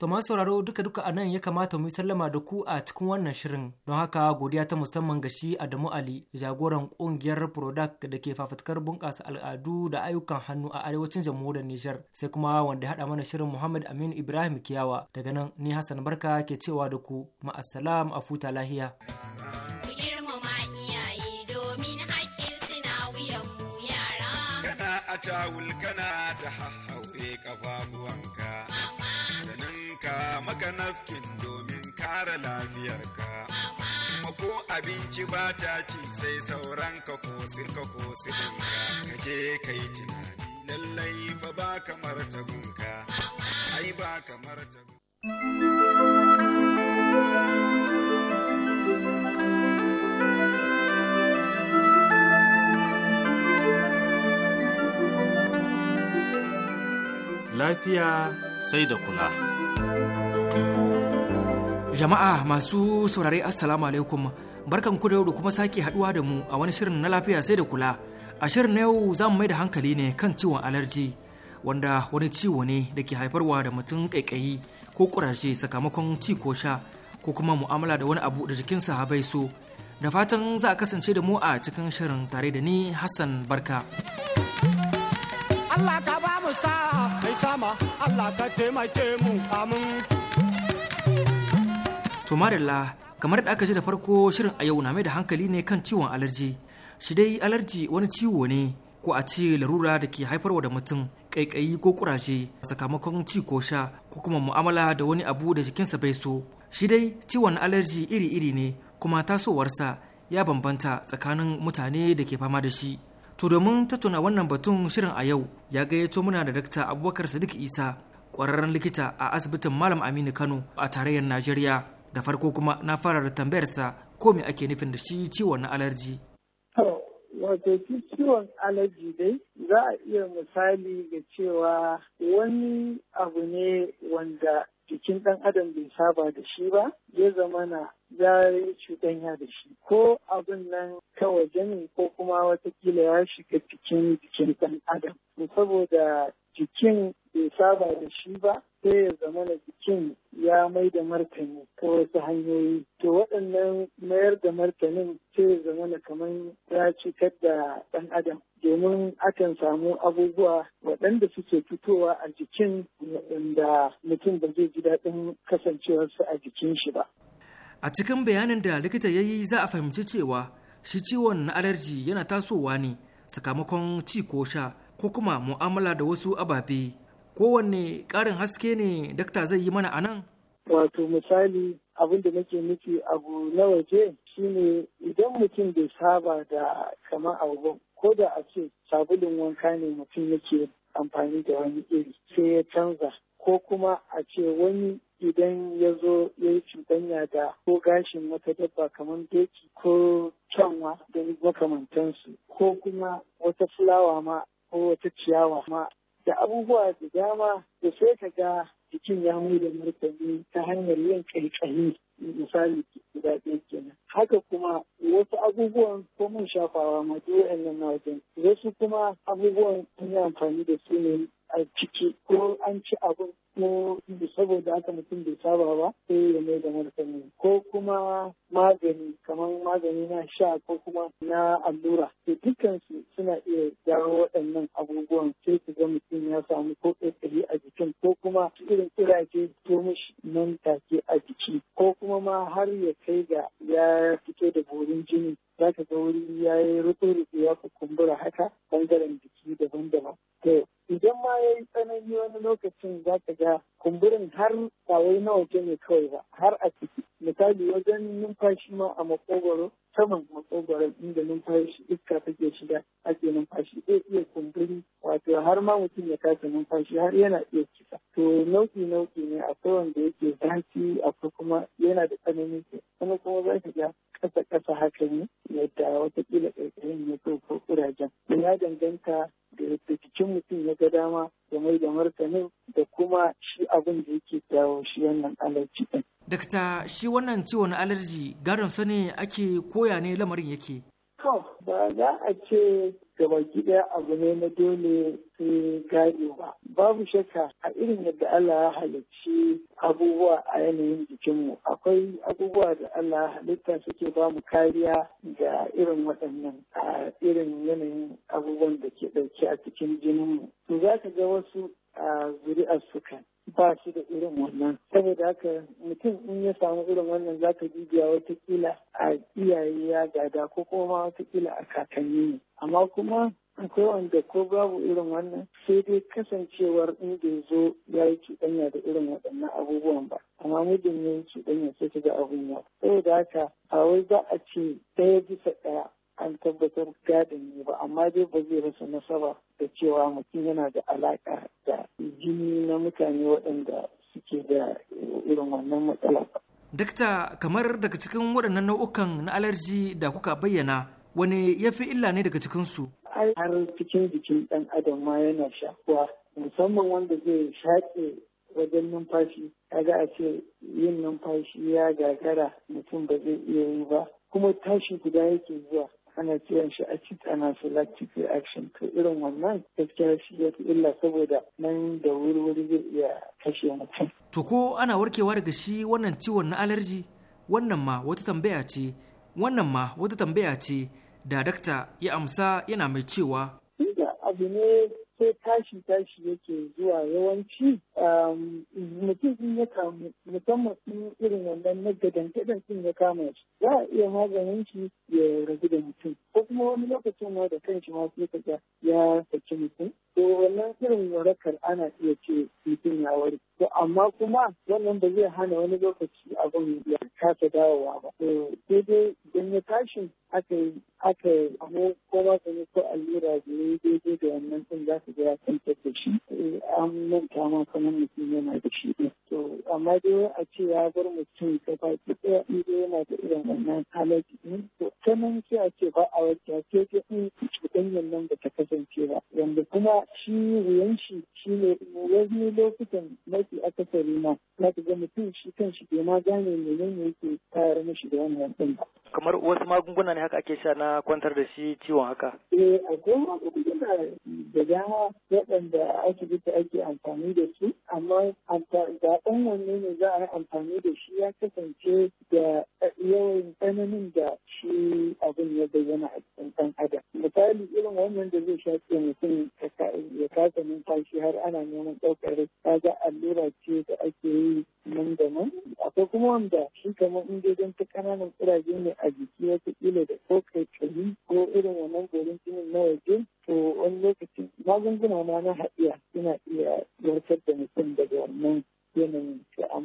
J: To masu sauraro duka-duka a nan ya kamata mu sallama da ku a cikin wannan shirin. Don haka godiya ta musamman ga shi Adamu Ali, jagoran kungiyar Product da ke fafutukar bunƙasa al'adu da ayyukan hannu a arewacin jamhuriyar Nijar. Sai kuma wanda hada mana shirin Muhammad Aminu Ibrahim Kiyawa. Daga nan ni Hassan Barka ke cewa da ku ma'assalam a futa lahiya.
C: a tawul kana ta haure kafa mu maka nafkin domin kare lafiyarka. ka ko abinci ba ta ci sai sauran ka kosir ka kosir ka je ka yi tunani lallai fa ba kamar tagunka. Ai ba kamar tagunka.
E: lafiya sai da kula. Jama'a
J: masu saurare Assalamu alaikum barkan ku da yau da kuma sake haduwa da mu a wani shirin na lafiya sai da kula. A shirin na yau za mu mai da hankali ne kan ciwon alarji wanda wani ciwo ne da ke haifarwa da mutum kaikayi ko ƙuraje sakamakon ci ko sha ko kuma mu'amala da wani abu da jikinsa bai so. Da fatan za a kasance da mu a cikin shirin tare da ni Hassan Barka.
M: Allah ka ba mu sa mai sama Allah ka
J: taimake mu amin. To marilla kamar da aka ji da farko shirin a yau na mai da hankali ne kan ciwon alarji. Shi dai alarji wani ciwo ne ko a ce larura da ke haifarwa da mutum kaikayi ko kuraje sakamakon ci ko sha ko kuma mu'amala da wani abu da jikinsa bai so. Shi dai ciwon alarji iri-iri ne kuma tasowarsa ya bambanta tsakanin mutane da ke fama da shi. To domin tattauna wannan batun shirin a yau ya gayyato muna da Dakta Abubakar Sadiq Isa ƙwararren likita a asibitin Malam Aminu Kano a tarayyar Najeriya. Da farko kuma na fara da tambayarsa ko me ake nufin da shi ciwon na alerji.
N: wato shi ciwon alaji dai za a iya misali ga cewa
L: wani
N: abu ne wanda jikin ɗan adam bai saba da shi ba ya na ya yi ya da shi ko abin nan ta waje ne ko kuma watakila ya shiga cikin jikin ɗan adam saboda jikin bai saba da shi ba sai ya zama na jikin ya mai da martani ta wasu hanyoyi to waɗannan mayar da martanin sai ya zama na kamar ya cutar da ɗan adam domin akan samu abubuwa waɗanda suke fitowa a jikin waɗanda mutum ba zai ji daɗin kasancewarsu a jikin shi ba.
J: A cikin bayanin da likita ya yi za a fahimci cewa shi ciwon na alerji yana tasowa ne sakamakon ci ko sha ko kuma mu'amala da wasu ababe kowanne ƙarin haske ne dakta zai yi mana a nan?
N: Wato misali abin da nake nufi abu na waje shine idan mutum bai saba da kamar abu ko da a ce sabulun wanka ne mutum yake amfani da wani iri sai ya canza ko kuma a ce wani idan ya zo ya yi cuɗanya da ko gashin wata dabba kamar doki ko canwa da makamantansu ko kuma wata fulawa ma ko wata ciyawa ma da abubuwa da dama da sai ka ga jikin ya mai da martani ta hanyar yin kaikayi misali guda ɗaya kenan haka kuma wasu abubuwan ko man shafawa ma duk na wajen wasu kuma abubuwan sun yi amfani da su ne a ciki ko an ci abin ko saboda haka mutum bai saba ba sai ya mai da martani ko kuma magani kamar magani na sha ko kuma na allura to dukansu suna iya jawo waɗannan abubuwan sai su ga mutum ya samu ko a jikin ko kuma irin ƙirage ko mishi nan take a jiki ko kuma ma har ya kai ga ya fito da borin jini za ka ga wuri ya yi rufe-rufe ya kumbura haka bangaren jiki daban-daban. To idan ma ya yi tsanani wani lokacin za ka ga kumburin har ba wai na waje ne kawai ba har a ciki. Misali wajen numfashi ma a makogoro saman makogoron inda numfashi iska take shiga ake numfashi zai iya kumburi wato har ma mutum ya kasa numfashi har yana iya kisa. To nau'i nau'i ne akwai wanda yake zafi akwai kuma yana da tsanani wani kuma za ka ga ƙasa-ƙasa haka ne watakila ƙarƙarin ya ko ko ƙurajen don ya danganta da rikicin mutum ya ga dama da mai da martanin da kuma shi abin da yake dawo shi wannan alerji ɗin.
J: Dakta shi wannan ciwon alerji gadon sani ake koya ne lamarin yake.
N: To ba za a ce gaba gida abu ne na dole sai gado ba. babu shakka a irin yadda Allah ya halicci abubuwa a yanayin jikinmu akwai abubuwa da Allah halitta suke ba mu kariya ga irin waɗannan a irin yanayin abubuwan da ke ɗauke a cikin jininmu. To za ka ga wasu a zuri'ar suka ba shi da irin wannan saboda haka mutum in ya samu irin wannan za ka dubiya watakila a iyaye ya gada ko kuma watakila a kakanni amma kuma akwai wanda ko babu irin wannan sai dai kasancewar inda zo ya yi cuɗanya da irin waɗannan abubuwan ba amma mudin ya yi cuɗanya sai ta ga abun ya saboda haka a wai za a ce ɗaya bisa ɗaya an tabbatar gadin ne ba amma dai ba zai rasa nasaba da cewa mutum yana da alaƙa da jini na mutane waɗanda suke da irin wannan matsala.
J: Dakta kamar daga cikin waɗannan nau'ukan na alerji da kuka bayyana wani ya fi illa ne daga
L: cikinsu?
N: har cikin jikin ɗan adam ma yana shakuwa musamman wanda zai shaƙe wajen numfashi kaga a ce yin numfashi ya gagara mutum ba zai iya yi ba kuma tashi guda yake zuwa ana kiran shi acute anaphylactic reaction to irin wannan gaskiya shi ya fi illa saboda nan da wuri-wuri zai iya kashe mutum.
J: To ko ana warkewa daga shi wannan ciwon na alerji? Wannan ma wata tambaya ce, wannan ma wata tambaya ce darakta ya amsa yana mai cewa
N: abu ne sai tashi tashi yake zuwa yawanci um, mutum in ya kamu musamman in irin wannan na gadan sun ya kama shi za a iya maganin shi ya rabu da mutum ko kuma wani lokacin ma da kanshi ma sai kaga ya saki mutum to wannan irin warakar ana iya ce mutum ya warke To amma kuma wannan ba zai hana wani lokaci abin ya kasa dawowa ba. To sai dai ya tashi aka yi amma ko ba ka yi ko allura da ya daidai da wannan sun za su sun kan da shi. Eh, an manta ma kamar mutum yana da shi ɗin. To amma dai a ce ya bar mutum gaba ki ɗaya in dai yana da irin wannan halar ɗin. To ta nan sai a ce ba a wajen sai dai in cuɗanyen nan ba ta kasance ba. Wanda kuma shi wuyan shi shi ne wani lokutan mafi akasari ma na ga mutum shi kan shi ma gane ne yake tayar mashi da wannan ɗin
J: kamar wasu magunguna ne haka ake sha na kwantar da shi ciwon haka?
N: Eh, akwai magunguna da dama waɗanda asibiti ake amfani da su, amma zaɓen wanne ne za a yi amfani da shi ya kasance da yawan tsananin da shi abin ya bayyana a cikin ɗan adam. misali irin wannan da zai ce mutum ya kasa numfashi har ana neman ɗaukar ta kaga allura ce da ake yi nan da nan akwai kuma wanda shi kamar in dai don ta ƙananan ƙuraje ne a jiki wataƙila da ko kai ko irin wannan gorin jinin na waje to wani lokacin magunguna ma na haɗiya suna iya warkar da mutum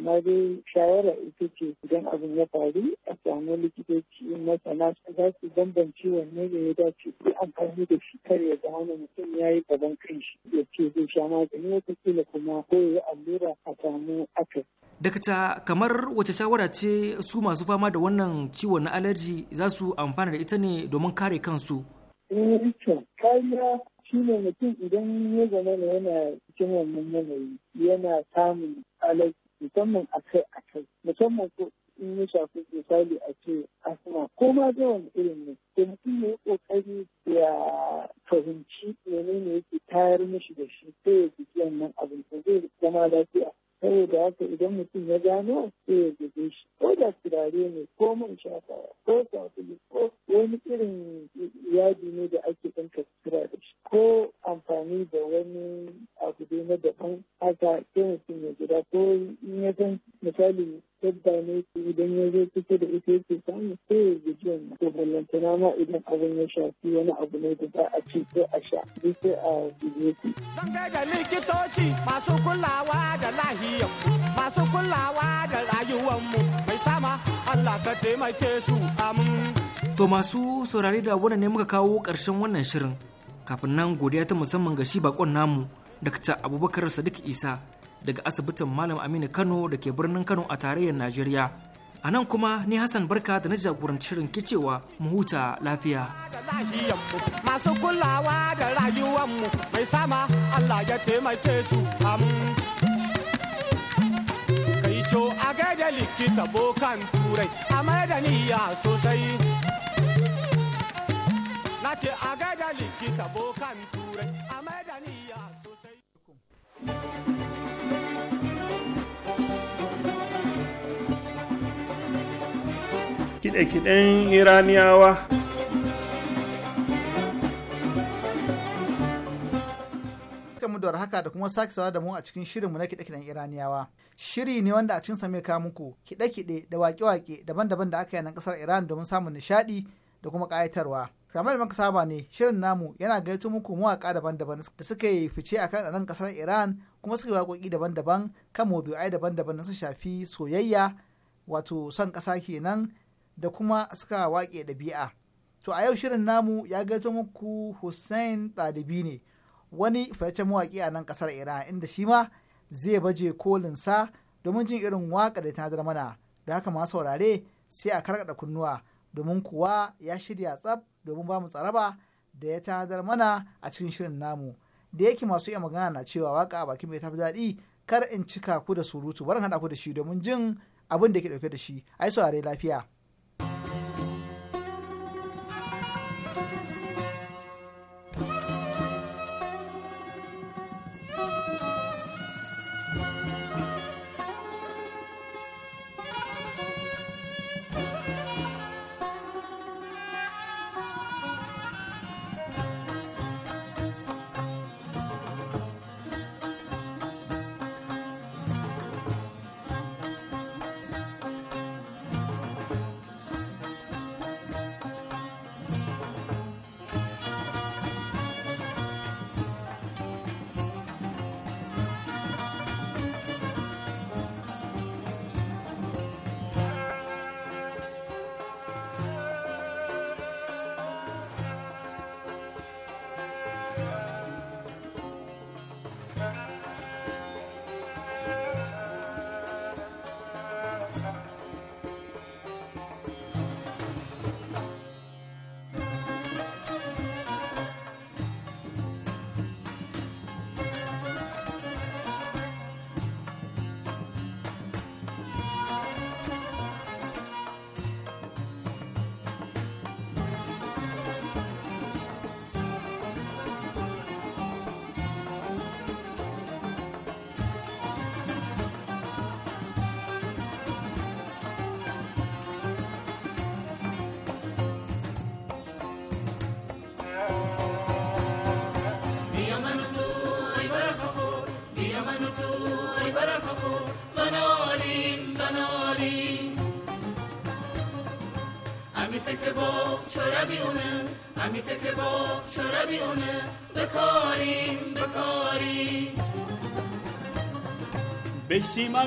N: amma dai shawara ita ce idan abin ya faru a samu likitoci masana su za su bambance wanne ne ya dace ko amfani da shi kar ya zama mutum ya yi gaban kan shi ya ce zai sha magani wataƙila kuma ko ya allura a samu aka.
J: Dakta kamar wace shawara ce su masu fama da wannan ciwon na alerji za su amfana da ita ne domin kare kansu?
N: Eh, shi ne mutum idan ya zama yana cikin wannan yanayi yana samun alaji musamman a kai musamman ko in ya shafi misali a ce asma ko ma da wani irin ne da mutum ya yi kokari ya fahimci menene yake tayar mishi da shi Ko ya guji wannan abin da zai zama lafiya saboda haka idan mutum ya gano sai ya guje shi ko da turare ne ko man shafawa ko sabulu ko wani irin yadi ne da ake ɗan kira da shi ko amfani da wani abu dai na daban aka kuma mutum gida ko in ya san misali yadda ne idan ya zo kusa da ita yake samu ko ya guji wannan to ballantana ma idan abin ya shafi wani abu ne da za a ci ko a sha duk sai a guje su.
M: zan kai ga likitoci masu
J: kulawa da lahiyar masu kulawa da mu mai sama allah ka taimake su amin. to masu saurari da wannan ne muka kawo ƙarshen wannan shirin kafin nan godiya ta musamman ga shi bakon namu Dr. Abubakar Sadiq Isa daga asibitin Malam Aminu Kano da ke birnin Kano a tarayyar Najeriya. A nan kuma ni Hassan Barka da na jagoranci shirin kicewa mu huta lafiya.
M: Masu kulawa da rayuwanmu mai sama Allah ya taimake su Kai co a gaida likita bokan turai a mai da niyya sosai. Na ce a gaida likita kiɗe-kiɗen iraniyawa
D: haka da kuma sake sawa da mu a cikin shirinmu na kiɗe-kiɗen iraniyawa shiri ne wanda a cikin sa mai muku kiɗe-kiɗe da waƙe-waƙe daban-daban da aka yi nan ƙasar iran domin samun nishaɗi da kuma ƙayatarwa kamar da muka saba ne shirin namu yana gaito muku mawaƙa daban-daban da suka yi fice kan nan ƙasar iran kuma suka yi waƙoƙi daban-daban kan mawdu'ai daban-daban da su shafi soyayya wato son ƙasa kenan da kuma suka waƙe ɗabi'a. To a yau shirin namu ya gaito muku Hussein ɗalibi ne wani fahimtar mawaƙi a nan ƙasar Iran inda shi ma zai baje kolinsa domin jin irin waƙa da tanadar mana da haka ma saurare sai a karkaɗa kunnuwa domin kuwa ya shirya tsab domin ba mu tsaraba da ya tanadar mana a cikin shirin namu da yake masu iya magana na cewa waka a bakin mai tafi daɗi kar in cika ku da surutu barin haɗa ku da shi domin jin abin da ke ɗauke da shi ai saurare lafiya.
M: فکر با چرا
L: بیونه همین فکر با چرا بیونه بکاریم بکاریم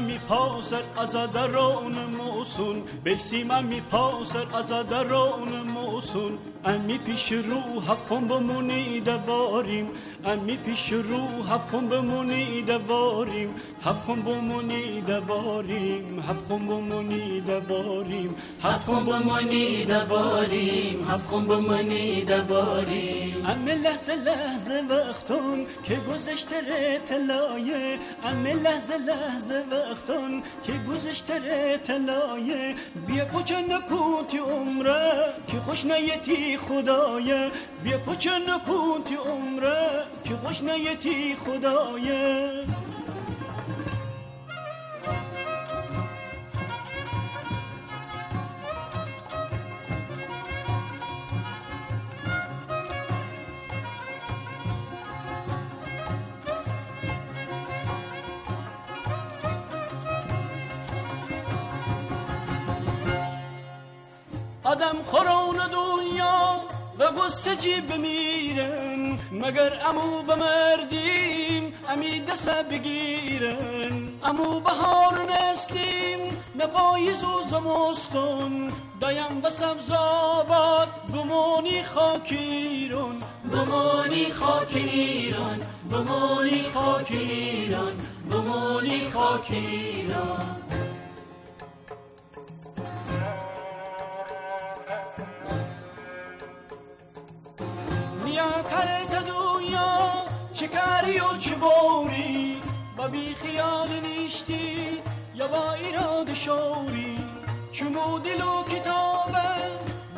M: می پاسر از درون موسون می پاسر از درون موسون امی پیش رو هفتم بمونی دواریم امی پیش رو هفتم بمونی دواریم هفتم بمونی دواریم هفتم بمونی دواریم هفتم بمونی دواریم هفتم بمونی دواریم امی لحظه لحظه وقتون که گذشته ره تلایه امی لحظه لحظه وقتون که گذشته ره تلایه بیا کوچه نکوتی عمره که خوش نیتی خدایا خدایه بیا پاچه نکن عمره که خوش نیتی خدایه آدم خورون دنیا و جیب بمیرن مگر امو بمردیم امی دسه بگیرن امو بهار نستیم نپاییز و زمستون دایم و سبز آباد گمانی خاک ایران گمانی خاک ایران گمانی خاک ایران گمانی خاک ایران کرد دنیا چه کاری و چه باری و بی خیال نیشتی یا با ایراد شوری چمو دل و کتابه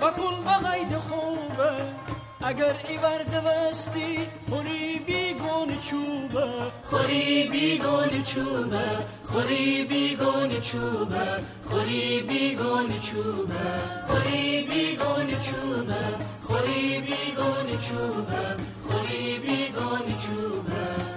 M: بکن با قید خوبه اگر ورد دوستی خوری بیگون چوبه خوری بیگون چوبه خوری بیگون چوبه خوری بیگون چوبه
L: خوری بیگون چوبه خوری بیگون چوبه خوری بیگون چوبه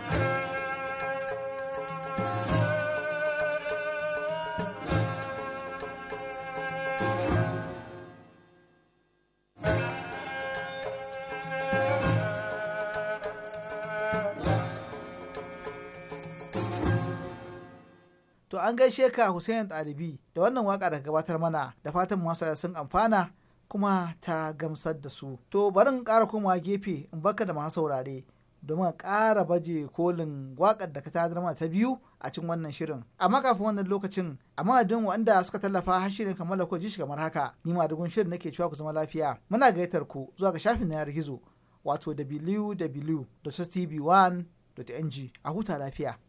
D: To an gaishe ka Hussein Ɗalibi da wannan waka da gabatar mana da fatan masu sun amfana kuma ta gamsar da su. To bari in ƙara komawa gefe in baka da masu saurare domin ƙara baje kolin waƙar da ka ta mana ta biyu a cikin wannan shirin. Amma kafin wannan lokacin a madadin wanda suka tallafa har shirin kamar ko jishi kamar haka ni ma dugun shirin nake cewa ku zama lafiya. Muna gaitar ku zuwa ga shafin na gizo wato www.tv1.ng a huta lafiya.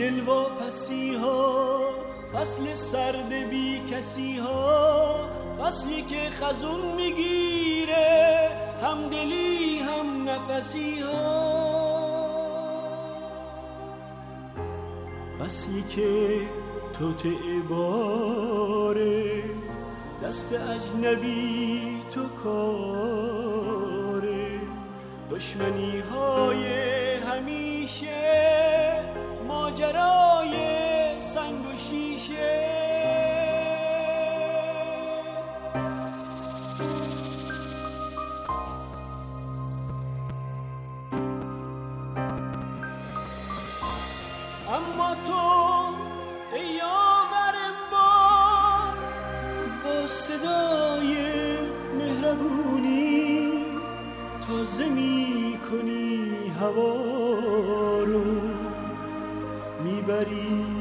M: دل پسی ها فصل سرد بی کسی ها فصلی که خزون میگیره هم دلی هم نفسی ها فصلی که توت باره دست اجنبی تو کاره دشمنی های آور ما با صدای مهربونی تازه می کنی هوا رو میبری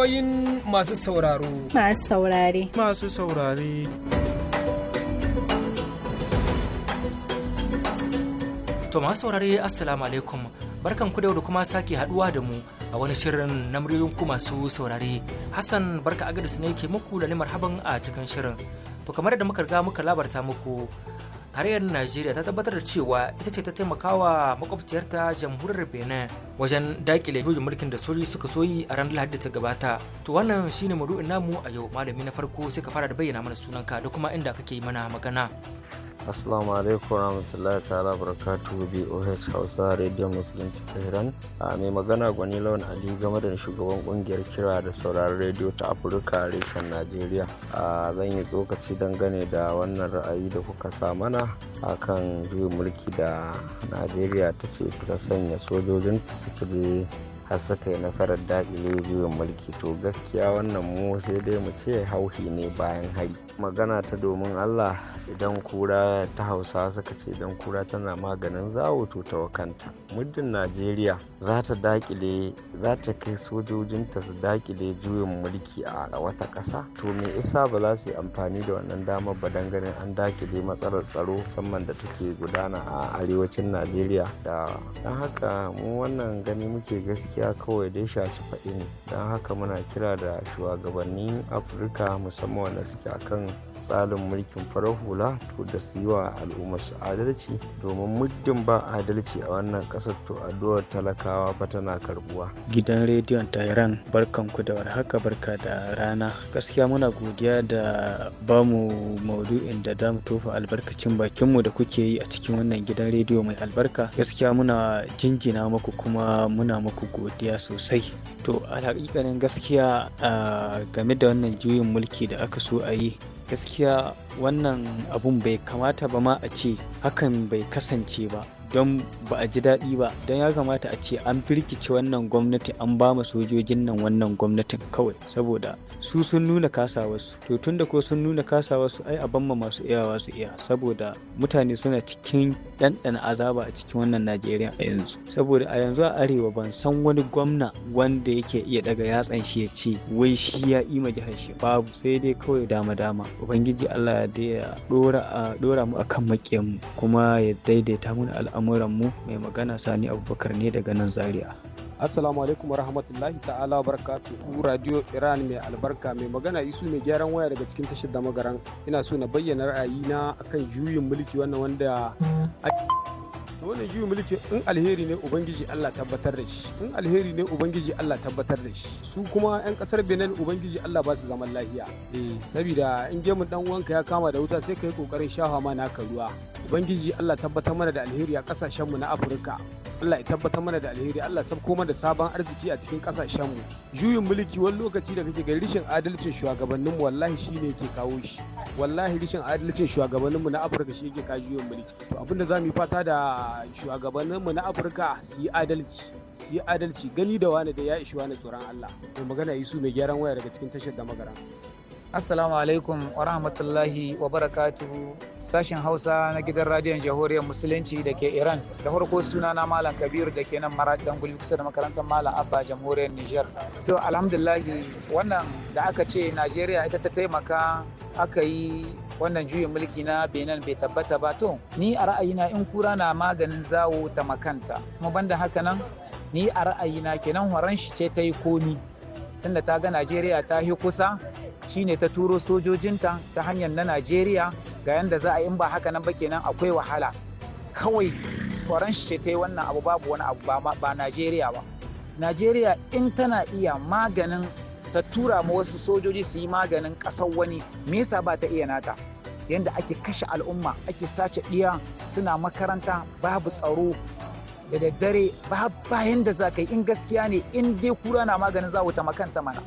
O: ra'ayoyin masu sauraro.
F: Masu saurare.
I: Masu saurare.
J: To masu saurare Assalamu alaikum. Barkan ku da yau kuma sake haduwa da mu a wani shirin na ku masu saurare. Hassan barka a ne ke muku da marhaban a cikin shirin. To kamar da muka riga muka labarta muku tarayyar Najeriya ta tabbatar da cewa ita ce ta taimakawa makwabciyarta jamhuriyar Benin wajen dakile juyin mulkin da sojoji suka soyi a ranar lahadi ta gabata to wannan shine maudu'in namu a yau malami na farko sai ka fara da bayyana mana sunanka da kuma inda kake mana magana
A: Assalamu alaikum warahmatullahi ta'ala bi BOH Hausa Radio Musulunci Tehran. A mai magana gwani lawan Ali game da shugaban kungiyar kira da sauraron rediyo ta Afirka reshen Najeriya. A zan yi tsokaci dangane da wannan ra'ayi da kuka sa mana akan juyin mulki da Najeriya ta ce ta sanya sojojin sojojinta suka je har suka yi nasarar daƙile juyin mulki to gaskiya wannan mu sai dai mu ce hauhi ne bayan hari magana ta domin allah idan kura ta hausa suka ce idan kura tana maganin zawo to ta wakanta muddin najeriya za ta daƙile za ta kai sojojinta su daƙile juyin mulki a wata ƙasa to me isa ba za su yi amfani da wannan damar ba dan ganin an daƙile matsalar tsaro musamman da take gudana a arewacin najeriya da don haka mu wannan gani muke gaskiya gaskiya kawai dai sha su faɗi ne don haka muna kira da shugabannin afirka musamman wanda suke akan tsalin mulkin farar hula to da su yi wa al'ummar su adalci domin muddin ba adalci a wannan kasar to addu'ar talakawa ba tana karbuwa.
P: Gidan rediyon Tehran barkan ku da warhaka barka da rana
A: gaskiya muna godiya
P: da bamu maudu'in da damu tofa albarkacin bakin mu da kuke yi a cikin wannan gidan rediyo mai albarka gaskiya muna jinjina muku kuma muna muku godiya sosai to alhaƙiƙanin gaskiya game da wannan juyin mulki da aka so a yi gaskiya wannan abun bai kamata ba ma a ce hakan bai kasance ba don ba a ji daɗi ba don ya kamata a ce an firkice wannan gwamnati an ba ma sojojin nan wannan gwamnatin kawai saboda su sun nuna kasawarsu to tun da ko sun nuna kasawarsu ai a ma masu iyawa su iya saboda mutane suna cikin ɗanɗana azaba a cikin wannan najeriya a yanzu saboda a yanzu a arewa ban san wani gwamna wanda yake iya daga yatsan shi ya ce wai shi ya ima jihar shi babu sai dai kawai dama dama ubangiji allah ya daya dora a mu akan makiyan mu kuma ya daidaita mana al'amuran mu mai magana sani abubakar ne daga nan zaria
Q: Assalamu alaikum warahmatullahi ta'ala barakatu Radio Iran mai albarka mai magana isu mai gyaran waya daga cikin tashar da magaran ina so na bayyana ra'ayina akan juyin mulki wannan wanda mm-hmm. Dole wannan juyin mulki in alheri ne ubangiji Allah tabbatar da shi in alheri ne ubangiji Allah tabbatar da shi su kuma yan kasar Benin ubangiji Allah ba su zaman lafiya eh saboda in mu dan uwanka ya kama da wuta sai kai kokarin shafa ma naka ruwa ubangiji Allah tabbatar mana da alheri a kasashen mu na Afirka Allah ya tabbatar mana da alheri Allah sabko mana da sabon arziki a cikin kasashen mu juyin mulki wani lokaci da kake ga rishin adalcin shugabannin mu wallahi shine yake kawo shi wallahi rishin adalcin shugabannin mu na Afirka shi yake kawo juyin mulki to abinda zamu yi fata da shugabanninmu na afirka su yi adalci su yi adalci gani da wani da ya ishi wani tsoron allah mai magana yi su mai gyaran waya daga cikin tashar da magana. Assalamu
O: alaikum wa rahmatullahi wa barakatuhu sashen Hausa na gidan radiyon jahoriyar Musulunci da ke Iran. Da farko suna na Malam Kabir da ke nan Marat Danguli kusa da makarantar Malam Abba Jamhuriyar Nijar. To alhamdulillahi wannan da aka ce Najeriya ita ta taimaka aka yi wannan juyin mulki na benin bai tabbata ba to ni a ra'ayina in kura na maganin zawo ta makanta kuma banda haka nan ni a ra'ayina kenan horon shi ce ta yi komi tunda ta ga najeriya ta yi kusa shine ta turo sojojinta ta hanyar na najeriya ga yanda za a in ba haka nan ba kenan akwai wahala kawai horon shi ce ta yi wannan abu babu wani abu ba najeriya ba najeriya in tana iya maganin ta tura ma wasu sojoji su yi maganin ƙasar wani me ba ta iya nata yadda ake kashe al'umma ake sace ɗiya suna makaranta babu tsaro da daddare ba bayan da za ka yi in gaskiya ne in dai kura na maganin za ta makanta mana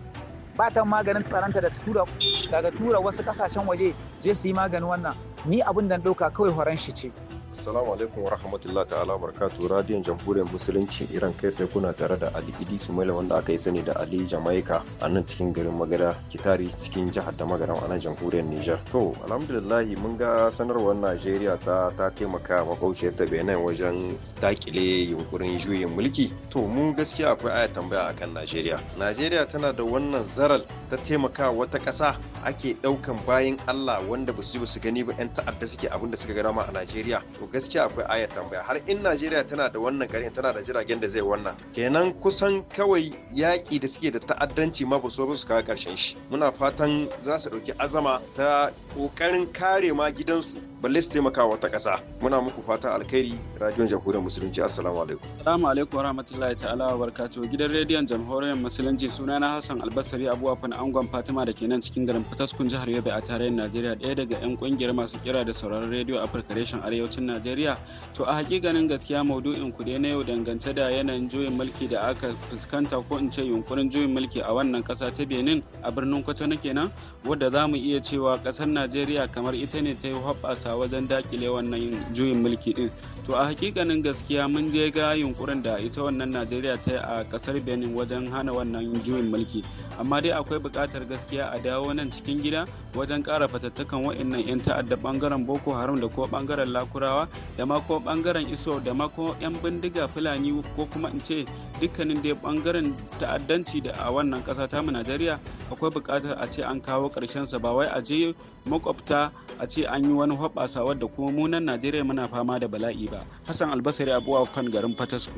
O: ba ta maganin tsaronta da tura daga tura wasu kasashen waje je su yi maganin wannan ni abin da ɗauka kawai horon shi ce
C: Assalamu alaikum wa rahmatullahi ta'ala barkatu radiyon jamhuriyar musulunci Iran kai sai kuna tare da Ali Idris Maila wanda aka yi sani da Ali Jamaica a nan cikin garin Magada Kitari cikin jihar da Magaram a nan jamhuriyar Nijar. To alhamdulillah mun ga sanarwar Najeriya ta ta taimaka makauciyar ta Benin wajen dakile yunkurin juyin mulki. To mun gaskiya akwai aya tambaya akan Najeriya. Najeriya tana da wannan zaral ta taimaka wata ƙasa ake ɗaukan bayan Allah wanda ba su ba su gani ba 'yan ta'adda suke abinda suka gana ma a Najeriya. to gaskiya akwai ayar tambaya har in Najeriya tana da wannan garin tana da jiragen da zai wannan kenan kusan kawai yaƙi da suke da ta'addanci ma ba so su kawo ƙarshen shi muna fatan za su ɗauki azama ta ƙoƙarin kare ma gidansu balle su taimaka wata ƙasa muna muku fatan alkhairi radiyon jamhuriyar musulunci assalamu alaikum assalamu alaikum warahmatullahi ta'ala wa barakatuh gidan rediyon
Q: jamhuriyar musulunci suna na hassan albasari fana angon fatima da ke nan cikin garin fataskun jihar yobe a tarayyar najeriya ɗaya daga yan ƙungiyar masu kira da sauraron rediyo a reshen arewacin najeriya to a hakikanin gaskiya maudu'in ku na yau dangance da yanayin juyin mulki da aka fuskanta ko in ce yunkurin juyin mulki a wannan ƙasa ta benin a birnin kwatano kenan wadda za mu iya cewa ƙasar najeriya kamar ita ne ta yi hoɓɓasa wajen dakile wannan juyin mulki din to a hakikanin gaskiya mun je ga yunkurin da ita wannan najeriya ta yi a kasar benin wajen hana wannan juyin mulki amma dai akwai buƙatar gaskiya a dawo nan cikin gida wajen ƙara fatattakan wa'annan 'yan ta'adda bangaren boko haram da ko bangaren lakurawa da ma ko bangaren iso da ma ko 'yan bindiga fulani ko kuma in ce dukkanin dai bangaren ta'addanci da a wannan ƙasa mu najeriya akwai buƙatar a ce an kawo ƙarshen sa ba wai a je makwabta a ce an yi wani hoɓa basa wadda kuma munan najeriya muna fama da bala'i ba hassan albasari abuwa kan garin fatasku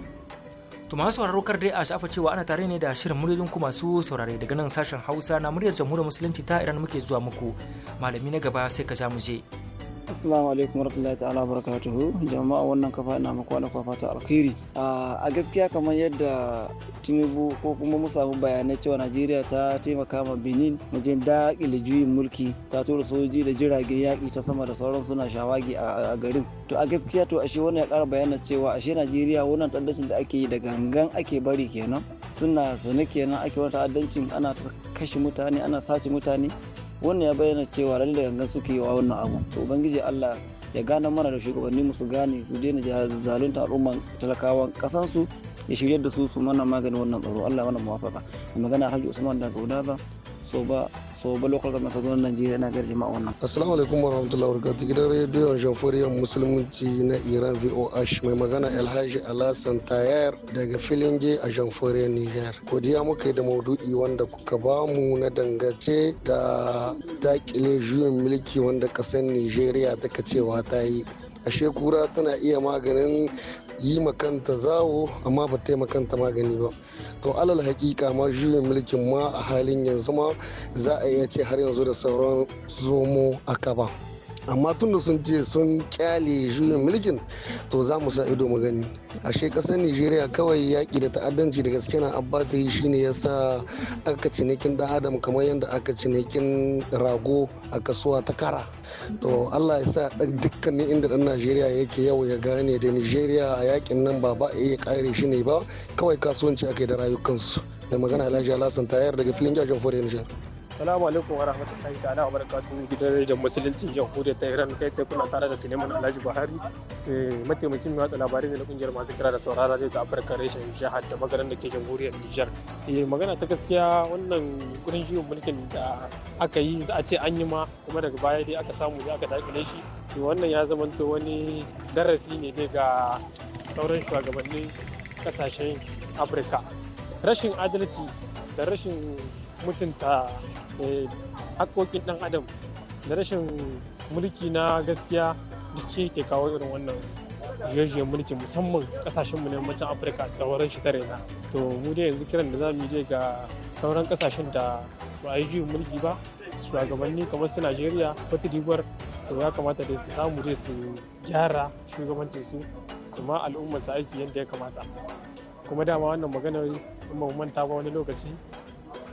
J: to masu sauraro kar dai a shafa cewa ana tare ne da shirin muryoyin ku masu saurare daga nan sashen hausa na muryar jamhuriyar musulunci ta iran muke zuwa muku malami na gaba sai ka ja mu je.
P: assalamu alaikum warahmatullahi ta'ala barakatuhu jama'a wannan kafa ina muku wani kwafa ta alkhairi a gaskiya kamar yadda tinubu ko kuma mu samu bayanai cewa najeriya ta taimaka ma benin wajen daƙile juyin mulki ta tura sojoji da jiragen yaƙi ta sama da sauran suna shawagi a garin to a gaskiya to ashe wannan ya ƙara bayanan cewa ashe najeriya wannan taddacin da ake yi da gangan ake bari kenan suna sone kenan ake wani ta'addancin ana kashe mutane ana sace mutane wannan ya bayyana cewa lalle gangan suke yi wa wannan abu to ubangiji Allah ya gane mana da shugabanni mu su gane su daina zalunta al'umman talakawan kasansu ya shiryar da su su mana maganin wannan tsaro Allah mana muwafaka magana Alhaji Usman daga gaudaza so ba so ba local government zuwa najeriya
R: na garji ma wannan assalamu alaikum wa wabarakatuh gidan rediyon jamhuriyar musulunci na iran voh mai magana alhaji alhassan tayar daga filin je a jamhuriyar niger godiya muka yi da maudu'i wanda kuka bamu na dangace da dakile juyin mulki wanda kasar nigeria ta cewa ta yi ashe kura tana iya maganin yi makanta zawo amma ba ta makanta magani ba to alal hakika ma juyin mulkin ma a halin yanzu ma za a iya ce har yanzu da sauran zomo a kaba. amma tun da sun ce sun kyale juyin mulkin to za mu sa ido mu gani ashe kasar nigeria kawai yaƙi da ta'addanci da gaske na abba ta yi shine ya sa aka cinikin dan adam kamar yadda aka cinikin rago a kasuwa ta kara to allah ya sa dukkan inda dan nigeria yake yau ya gane da nigeria a yakin nan ba ba iya kare shi ne ba kawai kasuwanci aka yi da rayukansu da magana alhaji alhassan tayar daga filin jajen fure
S: Salamu alaikum wa rahmatullahi ta'ala wa barakatuhu gidan da musulunci jamhuriyar ta Iran kai kuna tare da Suleiman Alhaji Buhari eh, mataimakin mai watsa labarai da na kungiyar masu kira da saurara zai ta Afirka reshen jihar da magaran da ke jamhuriyar Nijar. Eh, magana ta gaskiya wannan gurin jiwon mulkin da aka yi za a ce an yi ma kuma daga baya dai aka samu ya aka dakile shi wannan ya zamanto wani darasi ne dai ga sauran shugabannin kasashen Afirka. Rashin adalci da rashin mutunta Eh, hakkokin ɗan adam da rashin mulki na gaskiya duk shi ke kawo irin wannan juyajiyar mulki musamman kasashen mu na yammacin afirka da wurin shi tare na to mu dai yanzu kiran da za mu je ga sauran kasashen da ba a yi juyin mulki ba shugabanni kamar su najeriya wata d'ivoire to ya kamata dai su samu dai su gyara shugabancin su su ma al'ummar su aiki yadda ya kamata kuma dama wannan maganar in manta ba wani lokaci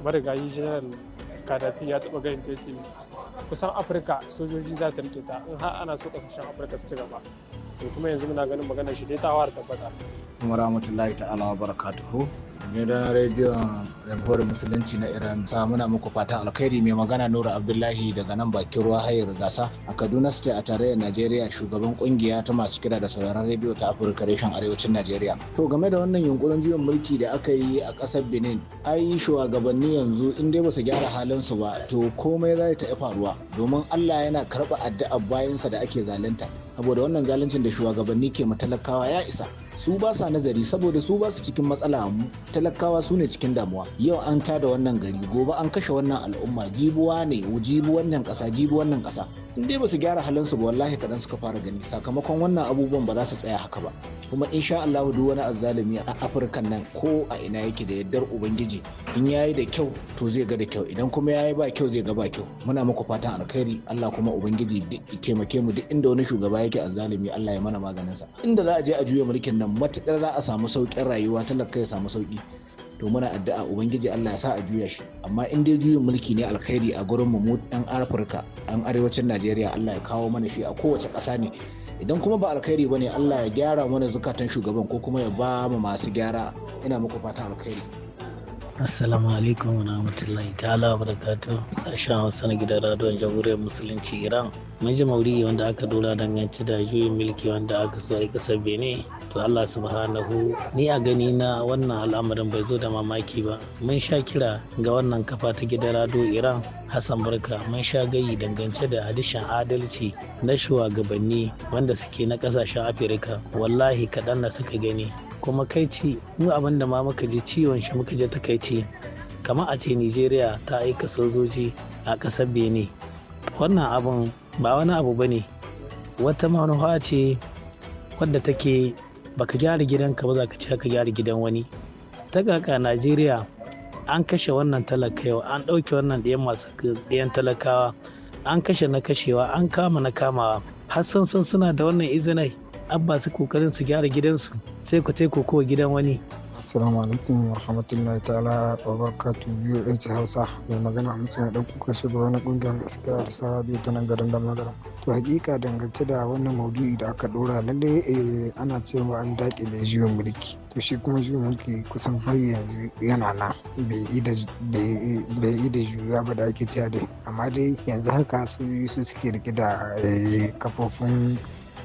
S: marigayi general kadafi ya taɓa gayin ta ne kusan afirka sojoji za su rike ta in har ana so kasashen afirka su ci gaba to kuma yanzu muna ganin maganar shi dai ta tabbata.
T: rahmatullahi ta'ala wa barakatuhu gidan rediyon jamhuriyar musulunci na iran ta muna muku fatan alkhairi mai magana nura abdullahi daga nan bakin ruwa hayar gasa a kaduna state a tarayyar najeriya shugaban kungiya ta masu kira da sauraron rediyo ta afirka reshen arewacin najeriya to game da wannan yunkurin juyin mulki da aka yi a kasar benin ai shugabanni yanzu in dai basu gyara halin su ba to komai za ta faruwa domin allah yana karɓa addu'a bayansa da ake zalunta saboda wannan zaluncin da shugabanni ke matalakawa ya isa su ba sa nazari saboda su ba su cikin matsala talakawa su ne cikin damuwa yau an da wannan gari gobe an kashe wannan al'umma jibuwa ne jibu wannan kasa jibu wannan kasa in dai ba su gyara halin su ba wallahi kadan suka fara gani sakamakon wannan abubuwan ba za su tsaya haka ba kuma insha Allah duk wani azzalumi a Afirka nan ko a ina yake da yaddar ubangiji in yayi da kyau to zai ga da kyau idan kuma yayi ba kyau zai ga ba kyau muna muku fatan alkhairi Allah kuma ubangiji taimake mu duk inda wani shugaba yake azzalumi Allah ya mana maganin sa inda za a je a juya mulkin nan matukar za a samu saukin rayuwa talaka ya samu sauki to muna addu'a ubangiji Allah ya sa a juya shi amma in dai juyin mulki ne alkhairi a gurin mu ɗan Afirka ɗan arewacin Najeriya Allah ya kawo mana shi a kowace ƙasa ne idan kuma ba alkhairi bane Allah ya gyara mana zukatan shugaban ko kuma ya ba mu masu gyara ina muku fata alkhairi
U: Assalamu alaikum wa rahmatullahi ta'ala wa barakatuh sashen Hausa na gidan radon jamhuriyar musulunci Iran. Miji mauri wanda aka dora danganci da juyin milki wanda aka so a kasar bene to Allah subhanahu ni a gani na wannan al'amarin bai zo da mamaki ba. Mun sha kira ga wannan kafa ta gidan rado Iran Hassan Barka mun sha gayi dangance da hadishin adalci na shugabanni wanda suke na kasashen Afirka wallahi kaɗan na suka gani kuma kai ci mu abin da ma muka ji ciwon shi muka ji takaici kamar a ce nigeria ta aika sojoji a ƙasar benin wannan abun ba wani abu ba ne wata manufa ce wadda take baka gyara gidanka ba za ka ce ka gyara gidan wani ta kaka najeriya an kashe wannan talaka yau an ɗauke wannan ɗayan masu ɗayan talakawa an kashe na kashewa an kama na kamawa har sun suna da wannan izinai an masu kokarin su gyara gidansu sai ku taiko ko gidan wani Assalamu alaikum wa rahmatullahi
V: ta'ala wa barakatu biyu a Hausa mai magana a musu dan kuka shugaba na kungiyar gaskiya da biyu ta nan garin da magana. To hakika dangance da wannan maudu'i da aka dora lalle eh, ana cewa an dakile juyin mulki. To shi kuma juyin mulki kusan har yanzu yana nan bai yi da juya ba da ake cewa dai. Amma dai yanzu haka su suke rike da eh, kafofin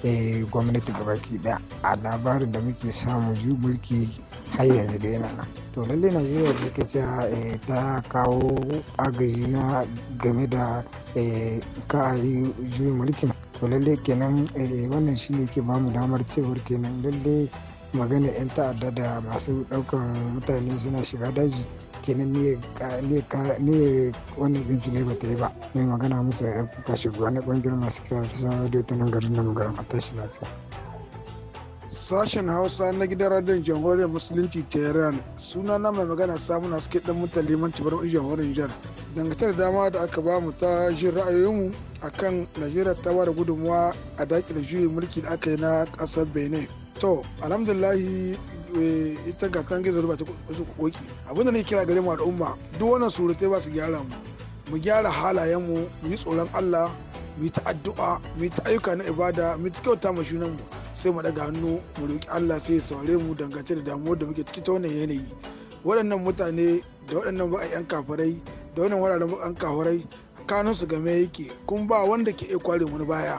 V: Eh, gwamnati gabaki ɗaya a labarin da muke samu ju mulki har yanzu da yana nan to lallai najeriya da suka ce eh, ta kawo agaji na game da eh, ka a juyin mulkin to lallai kenan wannan shine ke bamu damar cewar kenan lallai magana 'yan ta'adda da masu ɗaukan mutane suna shiga daji kenan ne ne wannan ginsu ne ba ta yi ba mai magana musu da ɗan fuka shugaba na ƙungiyar masu kira da sanar radio ta nan garin nan garin a tashi lafiya.
W: Sashen Hausa na gidan radiyon jamhuriyar Musulunci ta iran suna na mai magana samu na suke dan mutane limanci bar jamhuriyar Nijar. Dangantar dama da aka ba mu ta jin ra'ayoyinmu akan Najeriya ta ba da gudunmuwa a dakile juyin mulki da aka yi na kasar Benin. to alhamdulillahi eh, ita ga kan gizo ba ta kusa koki abinda ne kira gare mu al'umma duk wannan surutai ba su gyara mu mu gyara halayen mu mu yi tsoron Allah mu yi ta'addu'a mu yi ta ayyuka na ibada mu yi kyauta ma shunan mu sai mu daga hannu mu roki Allah sai ya saurare mu dangance da damuwar da muke ciki ta wannan yanayi waɗannan mutane da waɗannan ba a yan kafirai da wannan wuraren ba an kafirai kanun su game yake kun ba wanda ke iya kware wani baya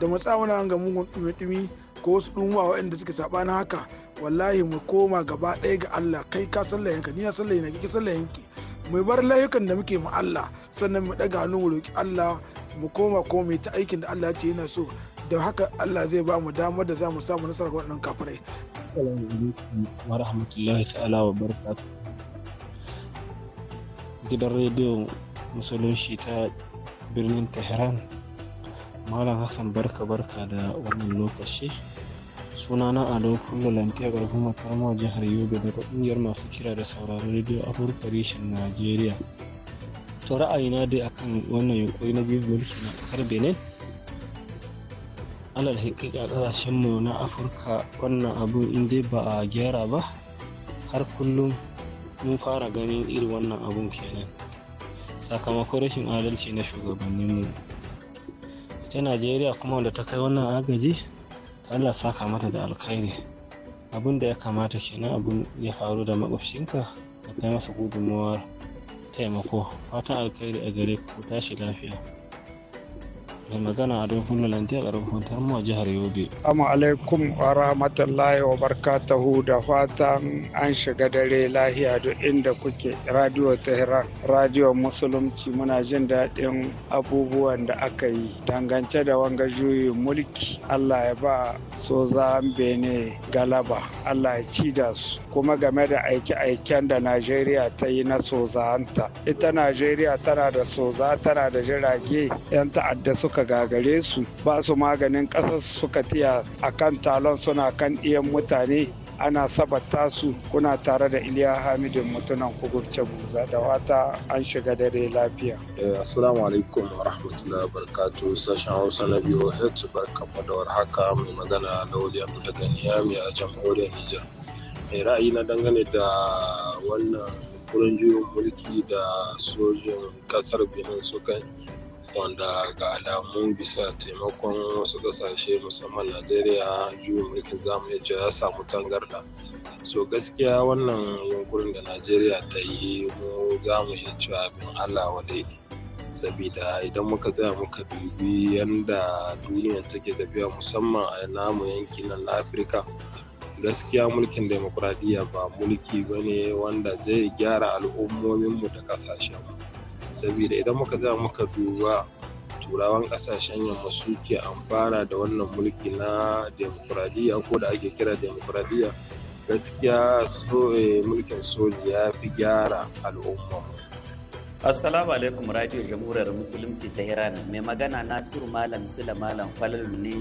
W: da matsawana ga mugun dumi-dumi ko wasu ɗumuwa waɗanda suke saɓani haka wallahi mu koma gaba ɗaya ga Allah kai ka sallah yanka ni na sallah yanka kike sallah yanki mu bar layukan da muke mu Allah sannan mu ɗaga hannu mu roki Allah mu koma ko mu ta aikin da Allah ce yana so da haka Allah zai ba mu damar da za mu samu nasarar waɗannan kafirai.
G: Assalamu wa rahmatullahi ta'ala wa barakatuh. Gidan rediyo musulunci ta birnin Tehran. Malam Hassan barka barka da wannan lokaci. sunana ado kullu lantiyar garkuma tarmo jihar yobe daga kungiyar masu kira da sauraron rediyo afirka reshen najeriya to ra'ayina dai akan wannan yunkuri na biyu mulki na kasar benin alal hakika kasashen mu na afirka wannan abu in dai ba a gyara ba har kullum mun fara ganin irin wannan abun kenan sakamakon rashin adalci na shugabanninmu ta najeriya kuma wanda ta kai wannan agaji Allah saka mata da alkhairi abin da ya kamata kenan abin ya faru da makwabcinka ka kai masa gudunmawar taimako fatan alkhairi a gare ku tashi lafiya mai magana a dokun lalantiya ƙarfin hutar mu a jihar yobe.
A: amma alaikum wa rahmatullahi wa barakatuhu da fatan an shiga dare lahiya duk inda kuke radio tehran radio musulunci muna jin daɗin abubuwan da aka yi dangance da wanga juyin mulki allah ya ba soza bene galaba allah ya ci da su kuma game da aike-aiken da najeriya ta yi na sozanta ita najeriya tana da soza tana da jirage 'yan ta'adda suka suka gagare su ba su maganin ƙasar suka tiya kan talon suna kan iyan mutane ana sabata su kuna tare da iliya hamidin mutunan kugurce buza da wata an shiga dare lafiya eh, assalamu
G: alaikum wa rahmatullahi barkatu sashen hausa na biyu h barkamu da Haka. mai magana da wuli daga niyami a jamhuriyar nijar mai ra'ayi na dangane da wannan kurin juyin mulki da sojin kasar benin kan wanda ga alamu bisa taimakon wasu kasashe musamman najeriya juyin mulkin zamu iya cewa ya samu tangarda so gaskiya wannan yunkurin da najeriya ta yi mu za mu iya cewa abin allah wadai sabida idan muka tsaya muka dubi yadda duniya take tafiya musamman a namu yanki nan na afirka gaskiya mulkin demokuraɗiyya ba mulki ba ne wanda zai gyara al'ummominmu da ƙasashenmu sabida idan muka za muka duba turawan kasashen yamma suke amfana da wannan mulki na demokuraɗiyya ko da ake kira demokuraɗiyya gaskiya eh, mulkin soji ya fi
X: gyara al'umma Assalamu alaikum Radio Jamhuriyar Musulunci ta Iran mai magana Nasiru Malam Sula Malam Falalu ne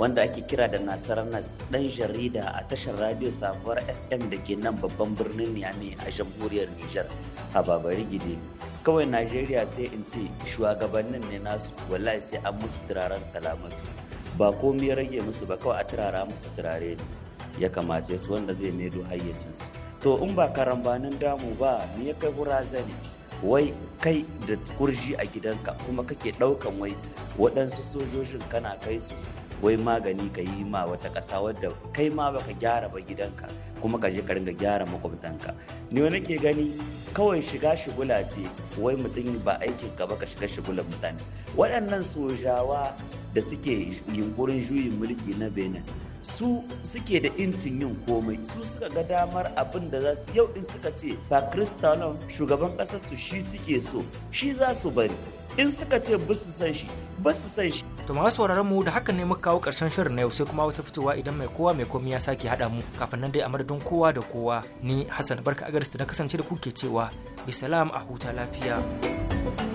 X: wanda ake kira da Nasarar Nas dan jarida a tashar Radio Sabuwar FM da ke nan babban birnin Niamey a Jamhuriyar Nijar a Babari Gidi. Kawai Najeriya sai in ce shugabannin ne nasu wallahi sai an musu turaren salamatu. Ba komai rage musu ba kawai a turara musu turare ne. Ya kamace su wanda zai maido hayyacinsu. To in ba karambanin damu ba me ya kai hura wai kai da kurji a gidanka kuma kake ɗaukan wai waɗansu sojojin kana kai su wai magani ka yi ma wata ƙasa wadda kai ma baka gyara ba gidanka kuma ka je ka ringa gyara makwabtanka ni wani ke gani kawai shiga shigula ce wai mutum ba aikin ka ba ka shiga shigulan mutane waɗannan sojawa da suke yunkurin juyin mulki na benin su suke da incin yin komai su suka ga damar abin da za su yau din suka ce ba kristanon shugaban ƙasarsu shi suke so shi za su bari in suka ce ba su san shi
J: ba su san shi to masu sauraron mu da hakan ne muka kawo karshen shirin na yau sai kuma wata fitowa idan mai kowa mai komai ya sake haɗa mu kafin nan dai a madadin kowa da kowa ni Hassan Barka Agarista na kasance da kuke cewa bisalam a huta lafiya thank you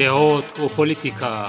G: דעות ופוליטיקה